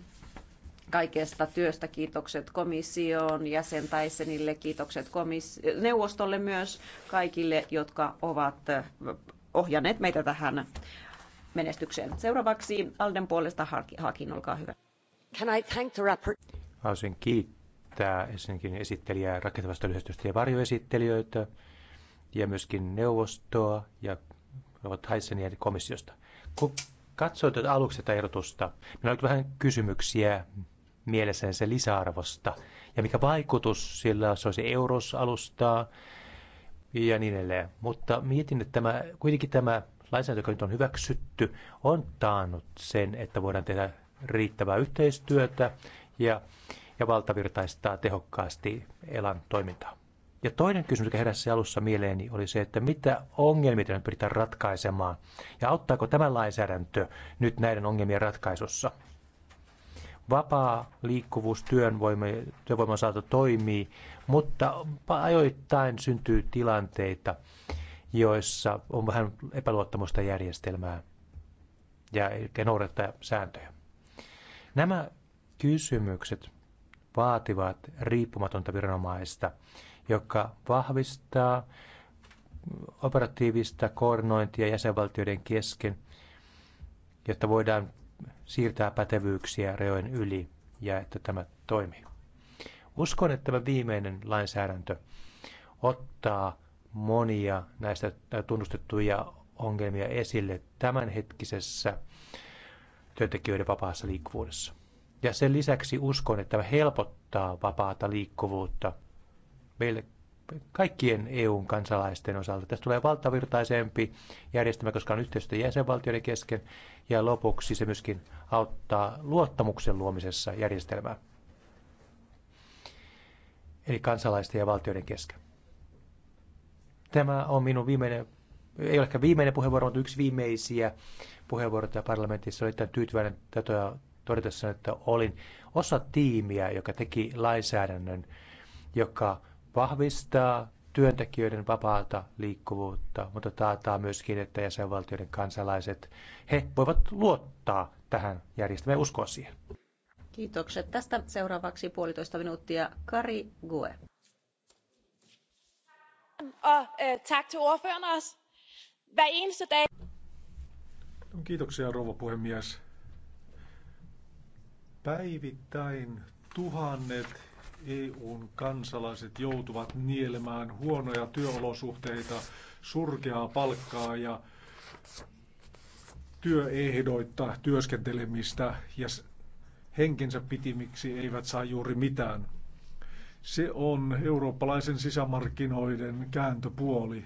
kaikesta työstä. Kiitokset komission jäsentäisenille, kiitokset komis- neuvostolle myös kaikille, jotka ovat ohjanneet meitä tähän menestykseen. Seuraavaksi Alden puolesta Hakin, olkaa hyvä. Can I thank the rapper? Haluaisin kiittää ensinnäkin esittelijää rakentavasta lyhyestä ja varjoesittelijöitä ja myöskin neuvostoa ja ovat komissiosta. Kun katsoit aluksi tätä erotusta, meillä on vähän kysymyksiä, se lisäarvosta ja mikä vaikutus sillä se olisi eurosalustaa ja niin edelleen. Mutta mietin, että tämä, kuitenkin tämä lainsäädäntö, joka nyt on hyväksytty, on taannut sen, että voidaan tehdä riittävää yhteistyötä ja, ja valtavirtaistaa tehokkaasti ELAN toimintaa. Ja toinen kysymys, joka heräsi alussa mieleeni, oli se, että mitä ongelmia nyt pyritään ratkaisemaan ja auttaako tämä lainsäädäntö nyt näiden ongelmien ratkaisussa vapaa liikkuvuus työvoiman saatu toimii, mutta ajoittain syntyy tilanteita, joissa on vähän epäluottamusta järjestelmää ja eikä noudattaa sääntöjä. Nämä kysymykset vaativat riippumatonta viranomaista, joka vahvistaa operatiivista koordinointia jäsenvaltioiden kesken, jotta voidaan siirtää pätevyyksiä rajojen yli ja että tämä toimii. Uskon, että tämä viimeinen lainsäädäntö ottaa monia näistä äh, tunnustettuja ongelmia esille tämänhetkisessä työntekijöiden vapaassa liikkuvuudessa. Ja sen lisäksi uskon, että tämä helpottaa vapaata liikkuvuutta meille kaikkien EUn kansalaisten osalta. Tästä tulee valtavirtaisempi järjestelmä, koska on yhteistyötä jäsenvaltioiden kesken, ja lopuksi se myöskin auttaa luottamuksen luomisessa järjestelmää. Eli kansalaisten ja valtioiden kesken. Tämä on minun viimeinen, ei ole ehkä viimeinen puheenvuoro, mutta yksi viimeisiä puheenvuoroja parlamentissa. Olen tämän tyytyväinen tätä todetessa, että olin osa tiimiä, joka teki lainsäädännön, joka vahvistaa työntekijöiden vapaata liikkuvuutta, mutta taataa myöskin, että jäsenvaltioiden kansalaiset, he voivat luottaa tähän järjestelmään ja uskoa siihen. Kiitokset tästä. Seuraavaksi puolitoista minuuttia Kari Gue. Øh, Kiitoksia rouva puhemies. Päivittäin tuhannet EUn kansalaiset joutuvat nielemään huonoja työolosuhteita, surkeaa palkkaa ja työehdoitta työskentelemistä ja henkensä pitimiksi eivät saa juuri mitään. Se on eurooppalaisen sisämarkkinoiden kääntöpuoli.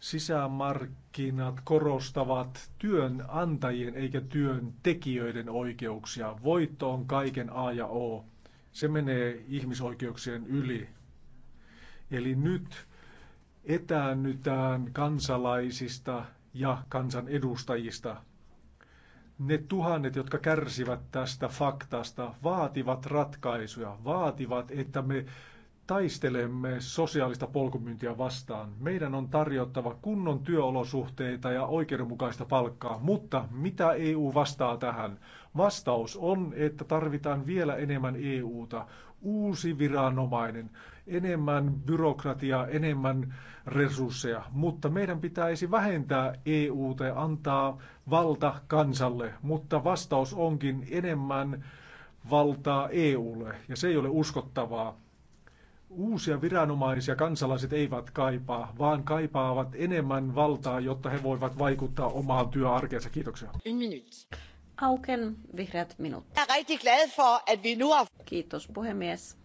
Sisämarkkinat korostavat työnantajien eikä työntekijöiden oikeuksia. Voitto on kaiken A ja O. Se menee ihmisoikeuksien yli. Eli nyt etäännytään kansalaisista ja kansan edustajista. Ne tuhannet, jotka kärsivät tästä faktasta, vaativat ratkaisuja, vaativat, että me taistelemme sosiaalista polkumyyntiä vastaan. Meidän on tarjottava kunnon työolosuhteita ja oikeudenmukaista palkkaa, mutta mitä EU vastaa tähän? Vastaus on, että tarvitaan vielä enemmän EUta, uusi viranomainen, enemmän byrokratiaa, enemmän resursseja, mutta meidän pitäisi vähentää EUta ja antaa valta kansalle, mutta vastaus onkin enemmän valtaa EUlle, ja se ei ole uskottavaa. Uusia viranomaisia kansalaiset eivät kaipaa, vaan kaipaavat enemmän valtaa, jotta he voivat vaikuttaa omaan työarkeensa. Kiitoksia. Auken vihreät minuutti. Er Kiitos puhemies.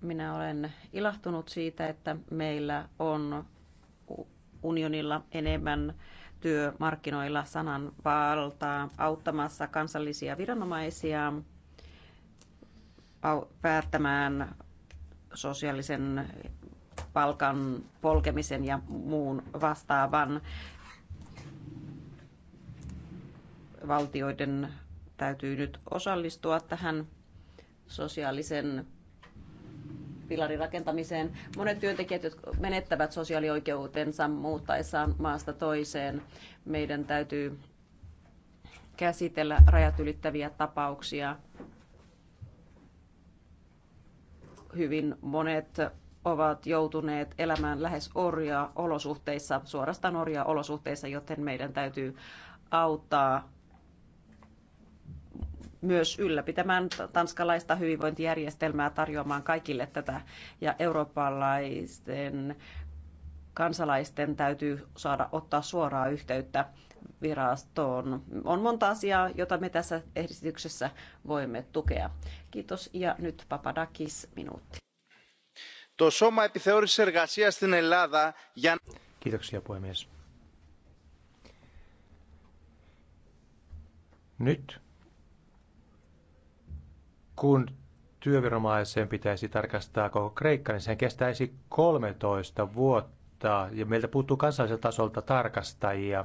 Minä olen ilahtunut siitä, että meillä on unionilla enemmän työmarkkinoilla sananvaltaa auttamassa kansallisia viranomaisia päättämään sosiaalisen palkan polkemisen ja muun vastaavan valtioiden täytyy nyt osallistua tähän sosiaalisen pilarin rakentamiseen. Monet työntekijät, jotka menettävät sosiaalioikeutensa muuttaessaan maasta toiseen, meidän täytyy käsitellä rajat ylittäviä tapauksia hyvin monet ovat joutuneet elämään lähes orjaa olosuhteissa, suorastaan orjaa olosuhteissa, joten meidän täytyy auttaa myös ylläpitämään tanskalaista hyvinvointijärjestelmää tarjoamaan kaikille tätä. Ja eurooppalaisten kansalaisten täytyy saada ottaa suoraa yhteyttä virastoon. On monta asiaa, jota me tässä esityksessä voimme tukea. Kiitos ja nyt Papadakis minuutti. Kiitoksia puhemies. Nyt kun työviranomaisen pitäisi tarkastaa koko Kreikka, niin sen kestäisi 13 vuotta ja meiltä puuttuu kansalliselta tasolta tarkastajia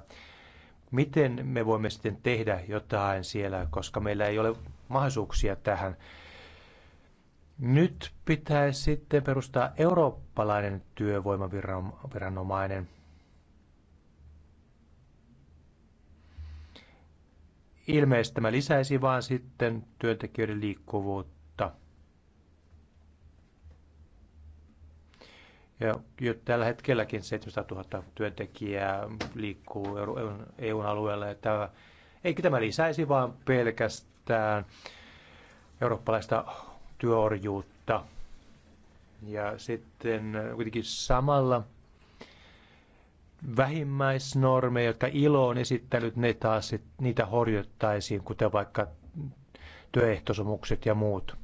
miten me voimme sitten tehdä jotain siellä, koska meillä ei ole mahdollisuuksia tähän. Nyt pitäisi sitten perustaa eurooppalainen työvoimaviranomainen. Ilmeisesti tämä lisäisi vaan sitten työntekijöiden liikkuvuutta Ja jo tällä hetkelläkin 700 000 työntekijää liikkuu EUn alueella. Tämä, eikä tämä lisäisi vaan pelkästään eurooppalaista työorjuutta. Ja sitten kuitenkin samalla vähimmäisnormeja, jotka ILO on esittänyt, ne taas, niitä horjuttaisiin, kuten vaikka työehtosomukset ja muut.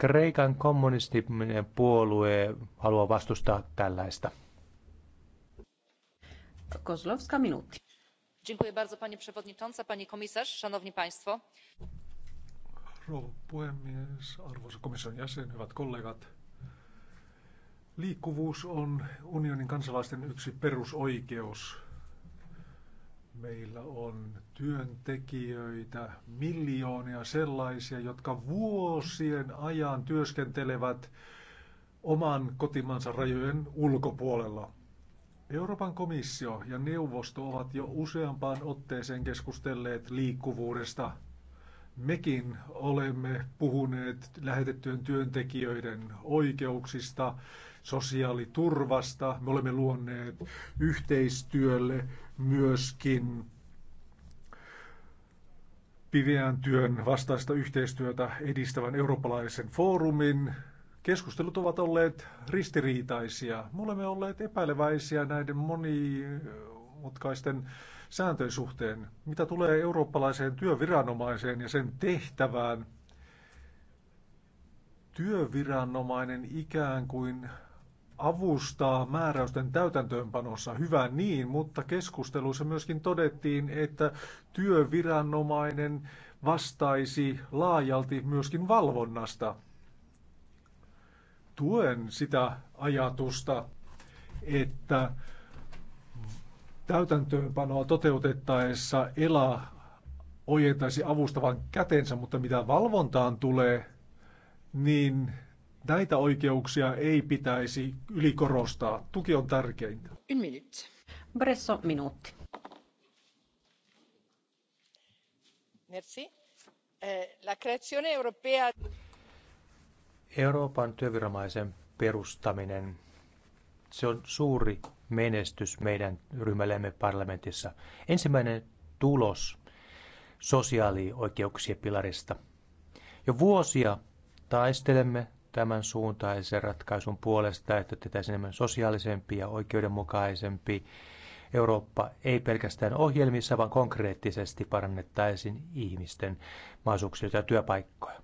Kreikan kommunistinen puolue haluaa vastustaa tällaista. Kozlowska minuutti. Dziękuję bardzo pani przewodnicząca, pani komisarz, szanowni państwo. Rouva puhemies, arvoisa komission jäsen, hyvät kollegat. Liikkuvuus on unionin kansalaisten yksi perusoikeus Meillä on työntekijöitä, miljoonia sellaisia, jotka vuosien ajan työskentelevät oman kotimansa rajojen ulkopuolella. Euroopan komissio ja neuvosto ovat jo useampaan otteeseen keskustelleet liikkuvuudesta. Mekin olemme puhuneet lähetettyjen työntekijöiden oikeuksista, sosiaaliturvasta. Me olemme luonneet yhteistyölle myöskin piveän työn vastaista yhteistyötä edistävän eurooppalaisen foorumin. Keskustelut ovat olleet ristiriitaisia. Me olemme olleet epäileväisiä näiden monimutkaisten sääntöjen suhteen. Mitä tulee eurooppalaiseen työviranomaiseen ja sen tehtävään, työviranomainen ikään kuin avustaa määräysten täytäntöönpanossa. Hyvä niin, mutta keskusteluissa myöskin todettiin, että työviranomainen vastaisi laajalti myöskin valvonnasta. Tuen sitä ajatusta, että täytäntöönpanoa toteutettaessa ELA ojentaisi avustavan kätensä, mutta mitä valvontaan tulee, niin Näitä oikeuksia ei pitäisi ylikorostaa. Tuki on tärkeintä. Bresso, minuutti. Merci. Eh, la creazione europea... Euroopan työviranomaisen perustaminen, se on suuri menestys meidän ryhmällemme parlamentissa. Ensimmäinen tulos sosiaalioikeuksien pilarista. Jo vuosia taistelemme tämän suuntaisen ratkaisun puolesta, että tehtäisiin enemmän sosiaalisempi ja oikeudenmukaisempi Eurooppa ei pelkästään ohjelmissa, vaan konkreettisesti parannettaisiin ihmisten mahdollisuuksia ja työpaikkoja.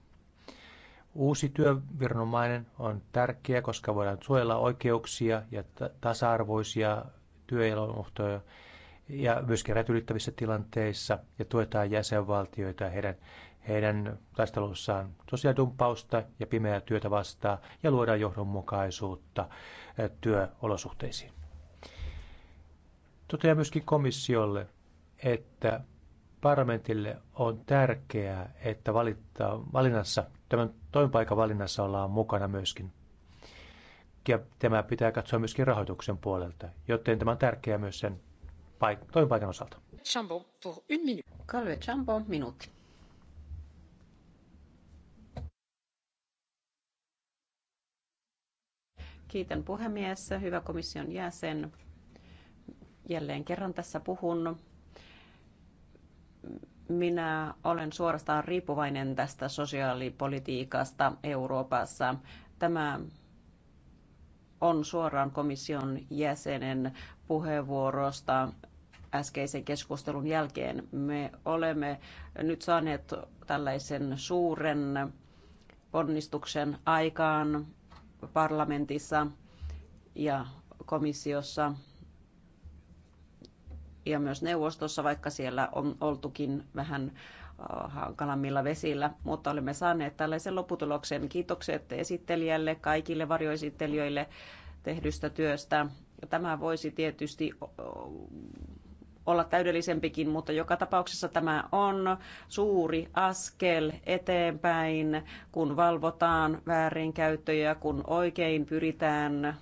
Uusi työviranomainen on tärkeä, koska voidaan suojella oikeuksia ja tasa-arvoisia työelonohtoja ja myöskin rätylittävissä tilanteissa ja tuetaan jäsenvaltioita heidän heidän taistelussaan sosiaalidumppausta ja pimeää työtä vastaan ja luoda johdonmukaisuutta työolosuhteisiin. Totea myöskin komissiolle, että parlamentille on tärkeää, että valittaa, valinnassa, tämän toimipaikan valinnassa ollaan mukana myöskin. Ja tämä pitää katsoa myöskin rahoituksen puolelta, joten tämä on tärkeää myös sen paik- toimipaikan osalta. Chambon, pour une minute. Kalve Chambon, minuutti. Kiitän puhemies, hyvä komission jäsen. Jälleen kerran tässä puhun. Minä olen suorastaan riippuvainen tästä sosiaalipolitiikasta Euroopassa. Tämä on suoraan komission jäsenen puheenvuorosta äskeisen keskustelun jälkeen. Me olemme nyt saaneet tällaisen suuren onnistuksen aikaan parlamentissa ja komissiossa ja myös neuvostossa, vaikka siellä on oltukin vähän äh, hankalammilla vesillä, mutta olemme saaneet tällaisen lopputuloksen. Kiitokset esittelijälle, kaikille varjoesittelijöille tehdystä työstä. Tämä voisi tietysti olla täydellisempikin, mutta joka tapauksessa tämä on suuri askel eteenpäin, kun valvotaan väärinkäyttöjä, kun oikein pyritään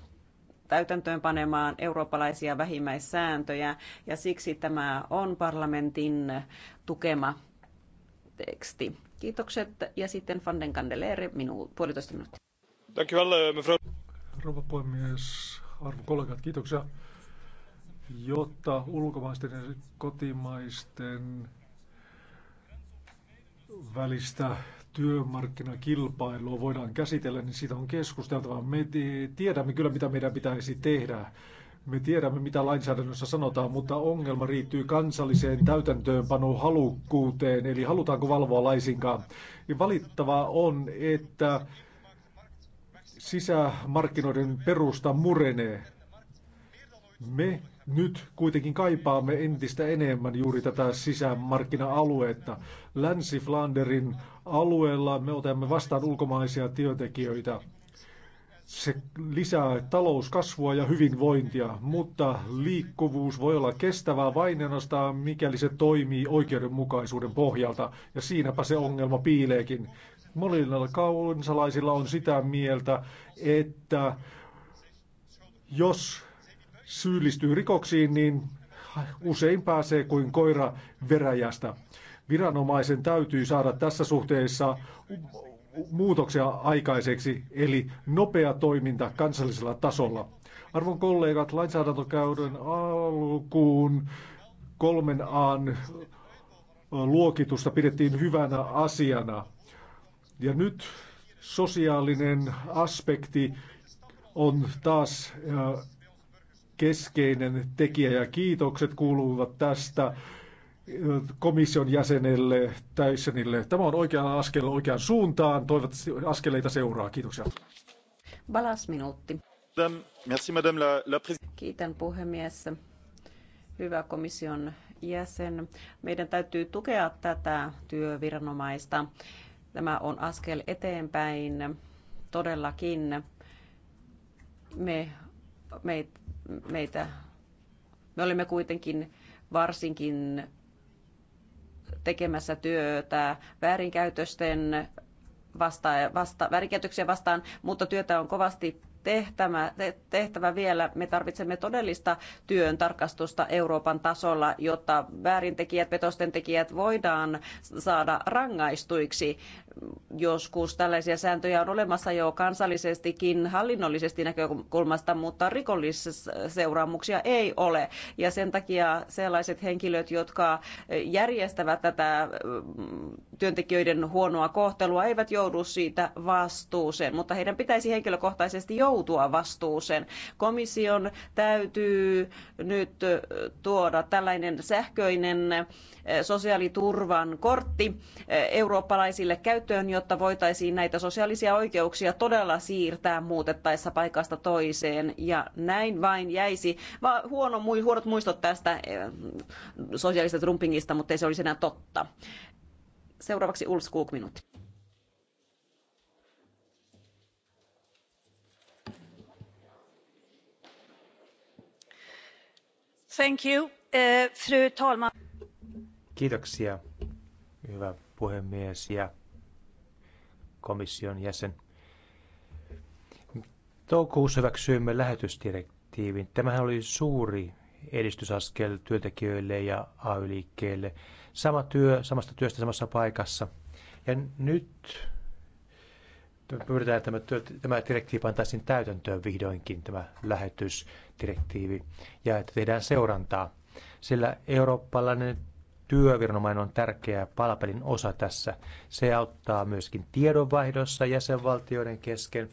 panemaan eurooppalaisia vähimmäissääntöjä, ja siksi tämä on parlamentin tukema teksti. Kiitokset, ja sitten Van den Kandeleere, minu, puolitoista minuuttia. Uh, Rouva puhemies, arvon kollegat, kiitoksia jotta ulkomaisten ja kotimaisten välistä työmarkkinakilpailua voidaan käsitellä, niin siitä on keskusteltava. Me tiedämme kyllä, mitä meidän pitäisi tehdä. Me tiedämme, mitä lainsäädännössä sanotaan, mutta ongelma riittyy kansalliseen täytäntöönpanoon halukkuuteen, eli halutaanko valvoa laisinkaan. Ja valittavaa on, että sisämarkkinoiden perusta murenee. Me nyt kuitenkin kaipaamme entistä enemmän juuri tätä sisämarkkina-aluetta. Länsi-Flanderin alueella me otamme vastaan ulkomaisia työntekijöitä. Se lisää talouskasvua ja hyvinvointia, mutta liikkuvuus voi olla kestävää vain ainoastaan, mikäli se toimii oikeudenmukaisuuden pohjalta. Ja siinäpä se ongelma piileekin. Monilla kansalaisilla on sitä mieltä, että jos syyllistyy rikoksiin, niin usein pääsee kuin koira veräjästä. Viranomaisen täytyy saada tässä suhteessa muutoksia aikaiseksi, eli nopea toiminta kansallisella tasolla. Arvon kollegat, lainsäädäntökäyden alkuun kolmen aan luokitusta pidettiin hyvänä asiana. Ja nyt sosiaalinen aspekti on taas äh, keskeinen tekijä ja kiitokset kuuluvat tästä komission jäsenelle Täyssenille. Tämä on oikea askel oikeaan suuntaan. Toivottavasti askeleita seuraa. Kiitoksia. Balas minuutti. Merci, madame la, la Kiitän puhemies. Hyvä komission jäsen. Meidän täytyy tukea tätä työviranomaista. Tämä on askel eteenpäin todellakin. Me, me meitä, me olimme kuitenkin varsinkin tekemässä työtä väärinkäytösten vasta, vasta, väärinkäytöksiä vastaan, mutta työtä on kovasti tehtävä, tehtävä vielä. Me tarvitsemme todellista työn tarkastusta Euroopan tasolla, jotta väärintekijät, petosten tekijät voidaan saada rangaistuiksi joskus tällaisia sääntöjä on olemassa jo kansallisestikin hallinnollisesti näkökulmasta, mutta rikollisseuraamuksia ei ole. Ja sen takia sellaiset henkilöt, jotka järjestävät tätä mm, työntekijöiden huonoa kohtelua, eivät joudu siitä vastuuseen, mutta heidän pitäisi henkilökohtaisesti joutua vastuuseen. Komission täytyy nyt tuoda tällainen sähköinen eh, sosiaaliturvan kortti eh, eurooppalaisille käyttäjille, käyttöön, jotta voitaisiin näitä sosiaalisia oikeuksia todella siirtää muutettaessa paikasta toiseen. Ja näin vain jäisi Va- huono, huonot muistot tästä eh, sosiaalisesta trumpingista, mutta ei se olisi enää totta. Seuraavaksi Ulf Skog minuutti. Thank you, eh, fru talman. Kiitoksia, hyvä puhemies. Ja komission jäsen. Toukokuussa hyväksyimme lähetysdirektiivin. Tämähän oli suuri edistysaskel työntekijöille ja AY-liikkeelle. Sama työ, samasta työstä samassa paikassa. Ja nyt pyydetään, että tämä, työ, tämä direktiivi pantaisiin täytäntöön vihdoinkin, tämä lähetysdirektiivi, ja että tehdään seurantaa. Sillä eurooppalainen työviranomainen on tärkeä palapelin osa tässä. Se auttaa myöskin tiedonvaihdossa jäsenvaltioiden kesken.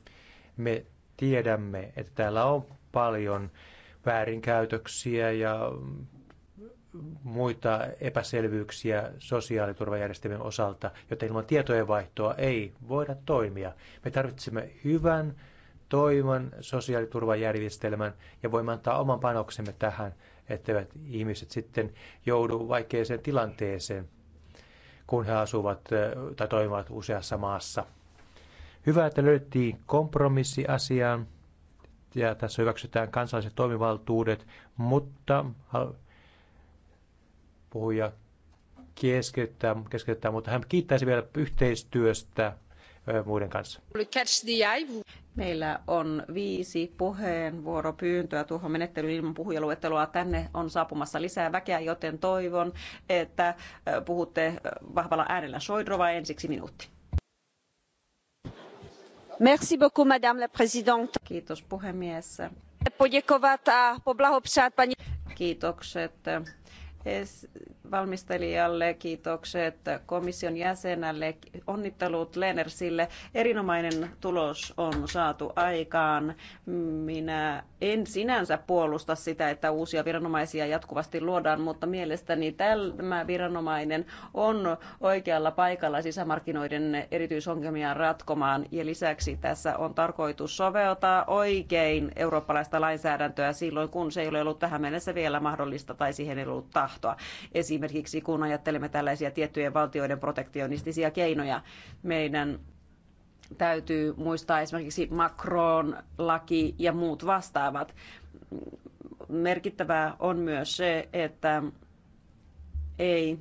Me tiedämme, että täällä on paljon väärinkäytöksiä ja muita epäselvyyksiä sosiaaliturvajärjestelmien osalta, joten ilman vaihtoa ei voida toimia. Me tarvitsemme hyvän, toimivan sosiaaliturvajärjestelmän ja voimme antaa oman panoksemme tähän – etteivät ihmiset sitten joudu vaikeaseen tilanteeseen, kun he asuvat tai toimivat useassa maassa. Hyvä, että löydettiin kompromissi asiaan ja tässä hyväksytään kansalliset toimivaltuudet, mutta puhuja keskeyttää, keskeyttää, mutta hän kiittäisi vielä yhteistyöstä muiden kanssa. Meillä on viisi puheenvuoropyyntöä tuohon menettelyyn ilman puhujaluettelua. Tänne on saapumassa lisää väkeä, joten toivon, että puhutte vahvalla äänellä Soidrova ensiksi minuutti. Merci beaucoup, madame la présidente. Kiitos puhemies. Kiitokset valmistelijalle, kiitokset komission jäsenelle, onnittelut Lenersille. Erinomainen tulos on saatu aikaan. Minä en sinänsä puolusta sitä, että uusia viranomaisia jatkuvasti luodaan, mutta mielestäni tämä viranomainen on oikealla paikalla sisämarkkinoiden erityisongelmia ratkomaan. Ja lisäksi tässä on tarkoitus soveltaa oikein eurooppalaista lainsäädäntöä silloin, kun se ei ole ollut tähän mennessä vielä mahdollista tai siihen ei ollut tahtoa. Esimerkiksi kun ajattelemme tällaisia tiettyjen valtioiden protektionistisia keinoja, meidän täytyy muistaa esimerkiksi Macron laki ja muut vastaavat. Merkittävää on myös se, että ei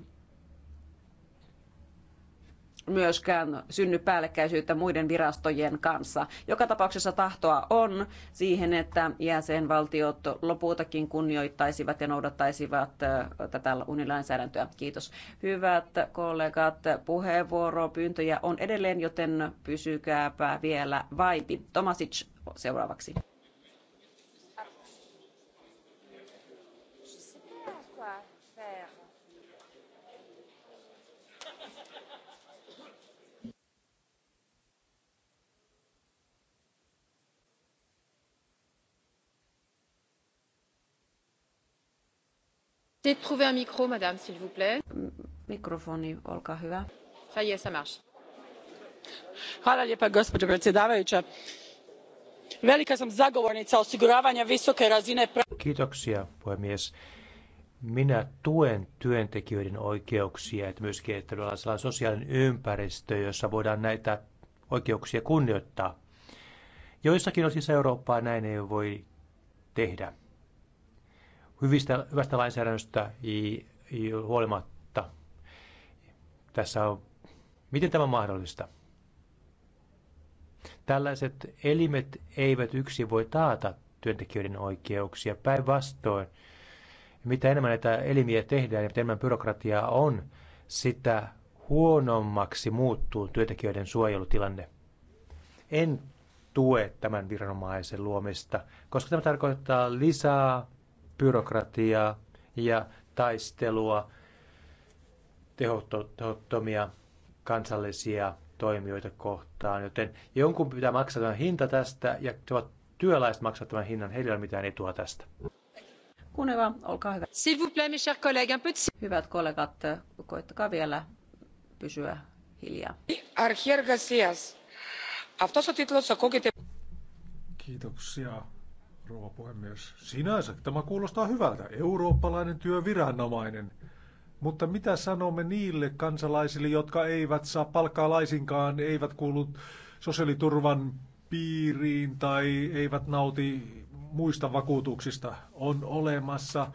myöskään synny päällekkäisyyttä muiden virastojen kanssa. Joka tapauksessa tahtoa on siihen, että jäsenvaltiot lopultakin kunnioittaisivat ja noudattaisivat tätä unilainsäädäntöä. Kiitos. Hyvät kollegat, puheenvuoropyyntöjä on edelleen, joten pysykääpä vielä vaipi. Tomasic seuraavaksi. Mikrofoni, gospođo predsjednice velika sam zagovornica osiguravanja visoke razine. kiitoksia puhemies minä tuen työntekijöiden oikeuksia että myöskin että sellainen sosiaalinen ympäristö jossa voidaan näitä oikeuksia kunnioittaa. Joissakin osissa Eurooppaa näin ei voi tehdä hyvistä, hyvästä lainsäädännöstä huolimatta. Tässä on, miten tämä on mahdollista? Tällaiset elimet eivät yksin voi taata työntekijöiden oikeuksia. Päinvastoin, mitä enemmän näitä elimiä tehdään ja mitä enemmän byrokratiaa on, sitä huonommaksi muuttuu työntekijöiden suojelutilanne. En tue tämän viranomaisen luomista, koska tämä tarkoittaa lisää byrokratiaa ja taistelua tehottomia kansallisia toimijoita kohtaan. Joten jonkun pitää maksaa tämän hinta tästä ja työläiset maksavat tämän hinnan. Heillä ei ole mitään etua tästä. Kuneva, olkaa hyvä. S'il vous plaît, mes chers collègues, un peu de... Hyvät kollegat, koittakaa vielä pysyä hiljaa. Archiergasias. Αυτός ο τίτλος Kiitoksia rouva puhemies. Sinänsä tämä kuulostaa hyvältä. Eurooppalainen työviranomainen. Mutta mitä sanomme niille kansalaisille, jotka eivät saa palkkaa laisinkaan, eivät kuulu sosiaaliturvan piiriin tai eivät nauti muista vakuutuksista? On olemassa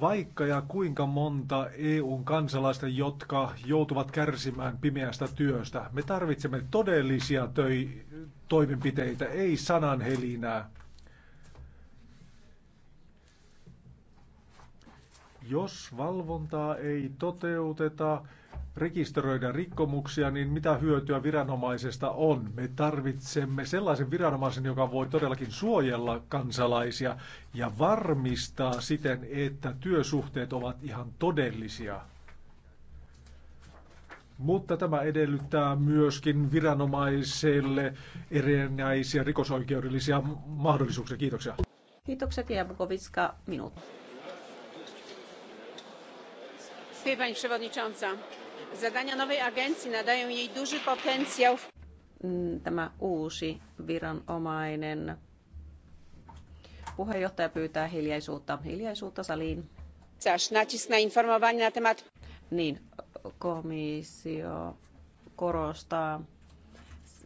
vaikka ja kuinka monta EUn kansalaista, jotka joutuvat kärsimään pimeästä työstä. Me tarvitsemme todellisia töi, toimenpiteitä, ei sananhelinää. Jos valvontaa ei toteuteta, rekisteröidä rikkomuksia, niin mitä hyötyä viranomaisesta on? Me tarvitsemme sellaisen viranomaisen, joka voi todellakin suojella kansalaisia ja varmistaa siten, että työsuhteet ovat ihan todellisia. Mutta tämä edellyttää myöskin viranomaiselle erinäisiä rikosoikeudellisia mahdollisuuksia. Kiitoksia. Kiitoksia, ja Bukovitska minuutti. Panie Przewodniczący, Zadania nowej agencji nadają jej duży potencjał. Mm, tämä uusi viranomainen. Puheenjohtaja pyytää hiljaisuutta. Hiljaisuutta saliin. Nacisk na informowanie na temat... Niin, komissio korostaa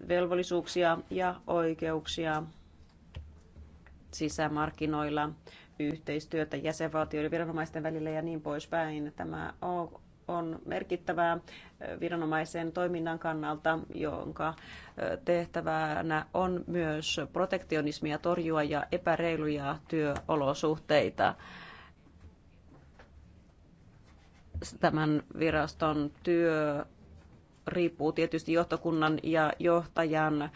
velvollisuuksia ja oikeuksia sisämarkkinoilla, yhteistyötä jäsenvaltioiden viranomaisten välillä ja niin poispäin. Tämä on merkittävää viranomaisen toiminnan kannalta, jonka tehtävänä on myös protektionismia torjua ja epäreiluja työolosuhteita. Tämän viraston työ riippuu tietysti johtokunnan ja johtajan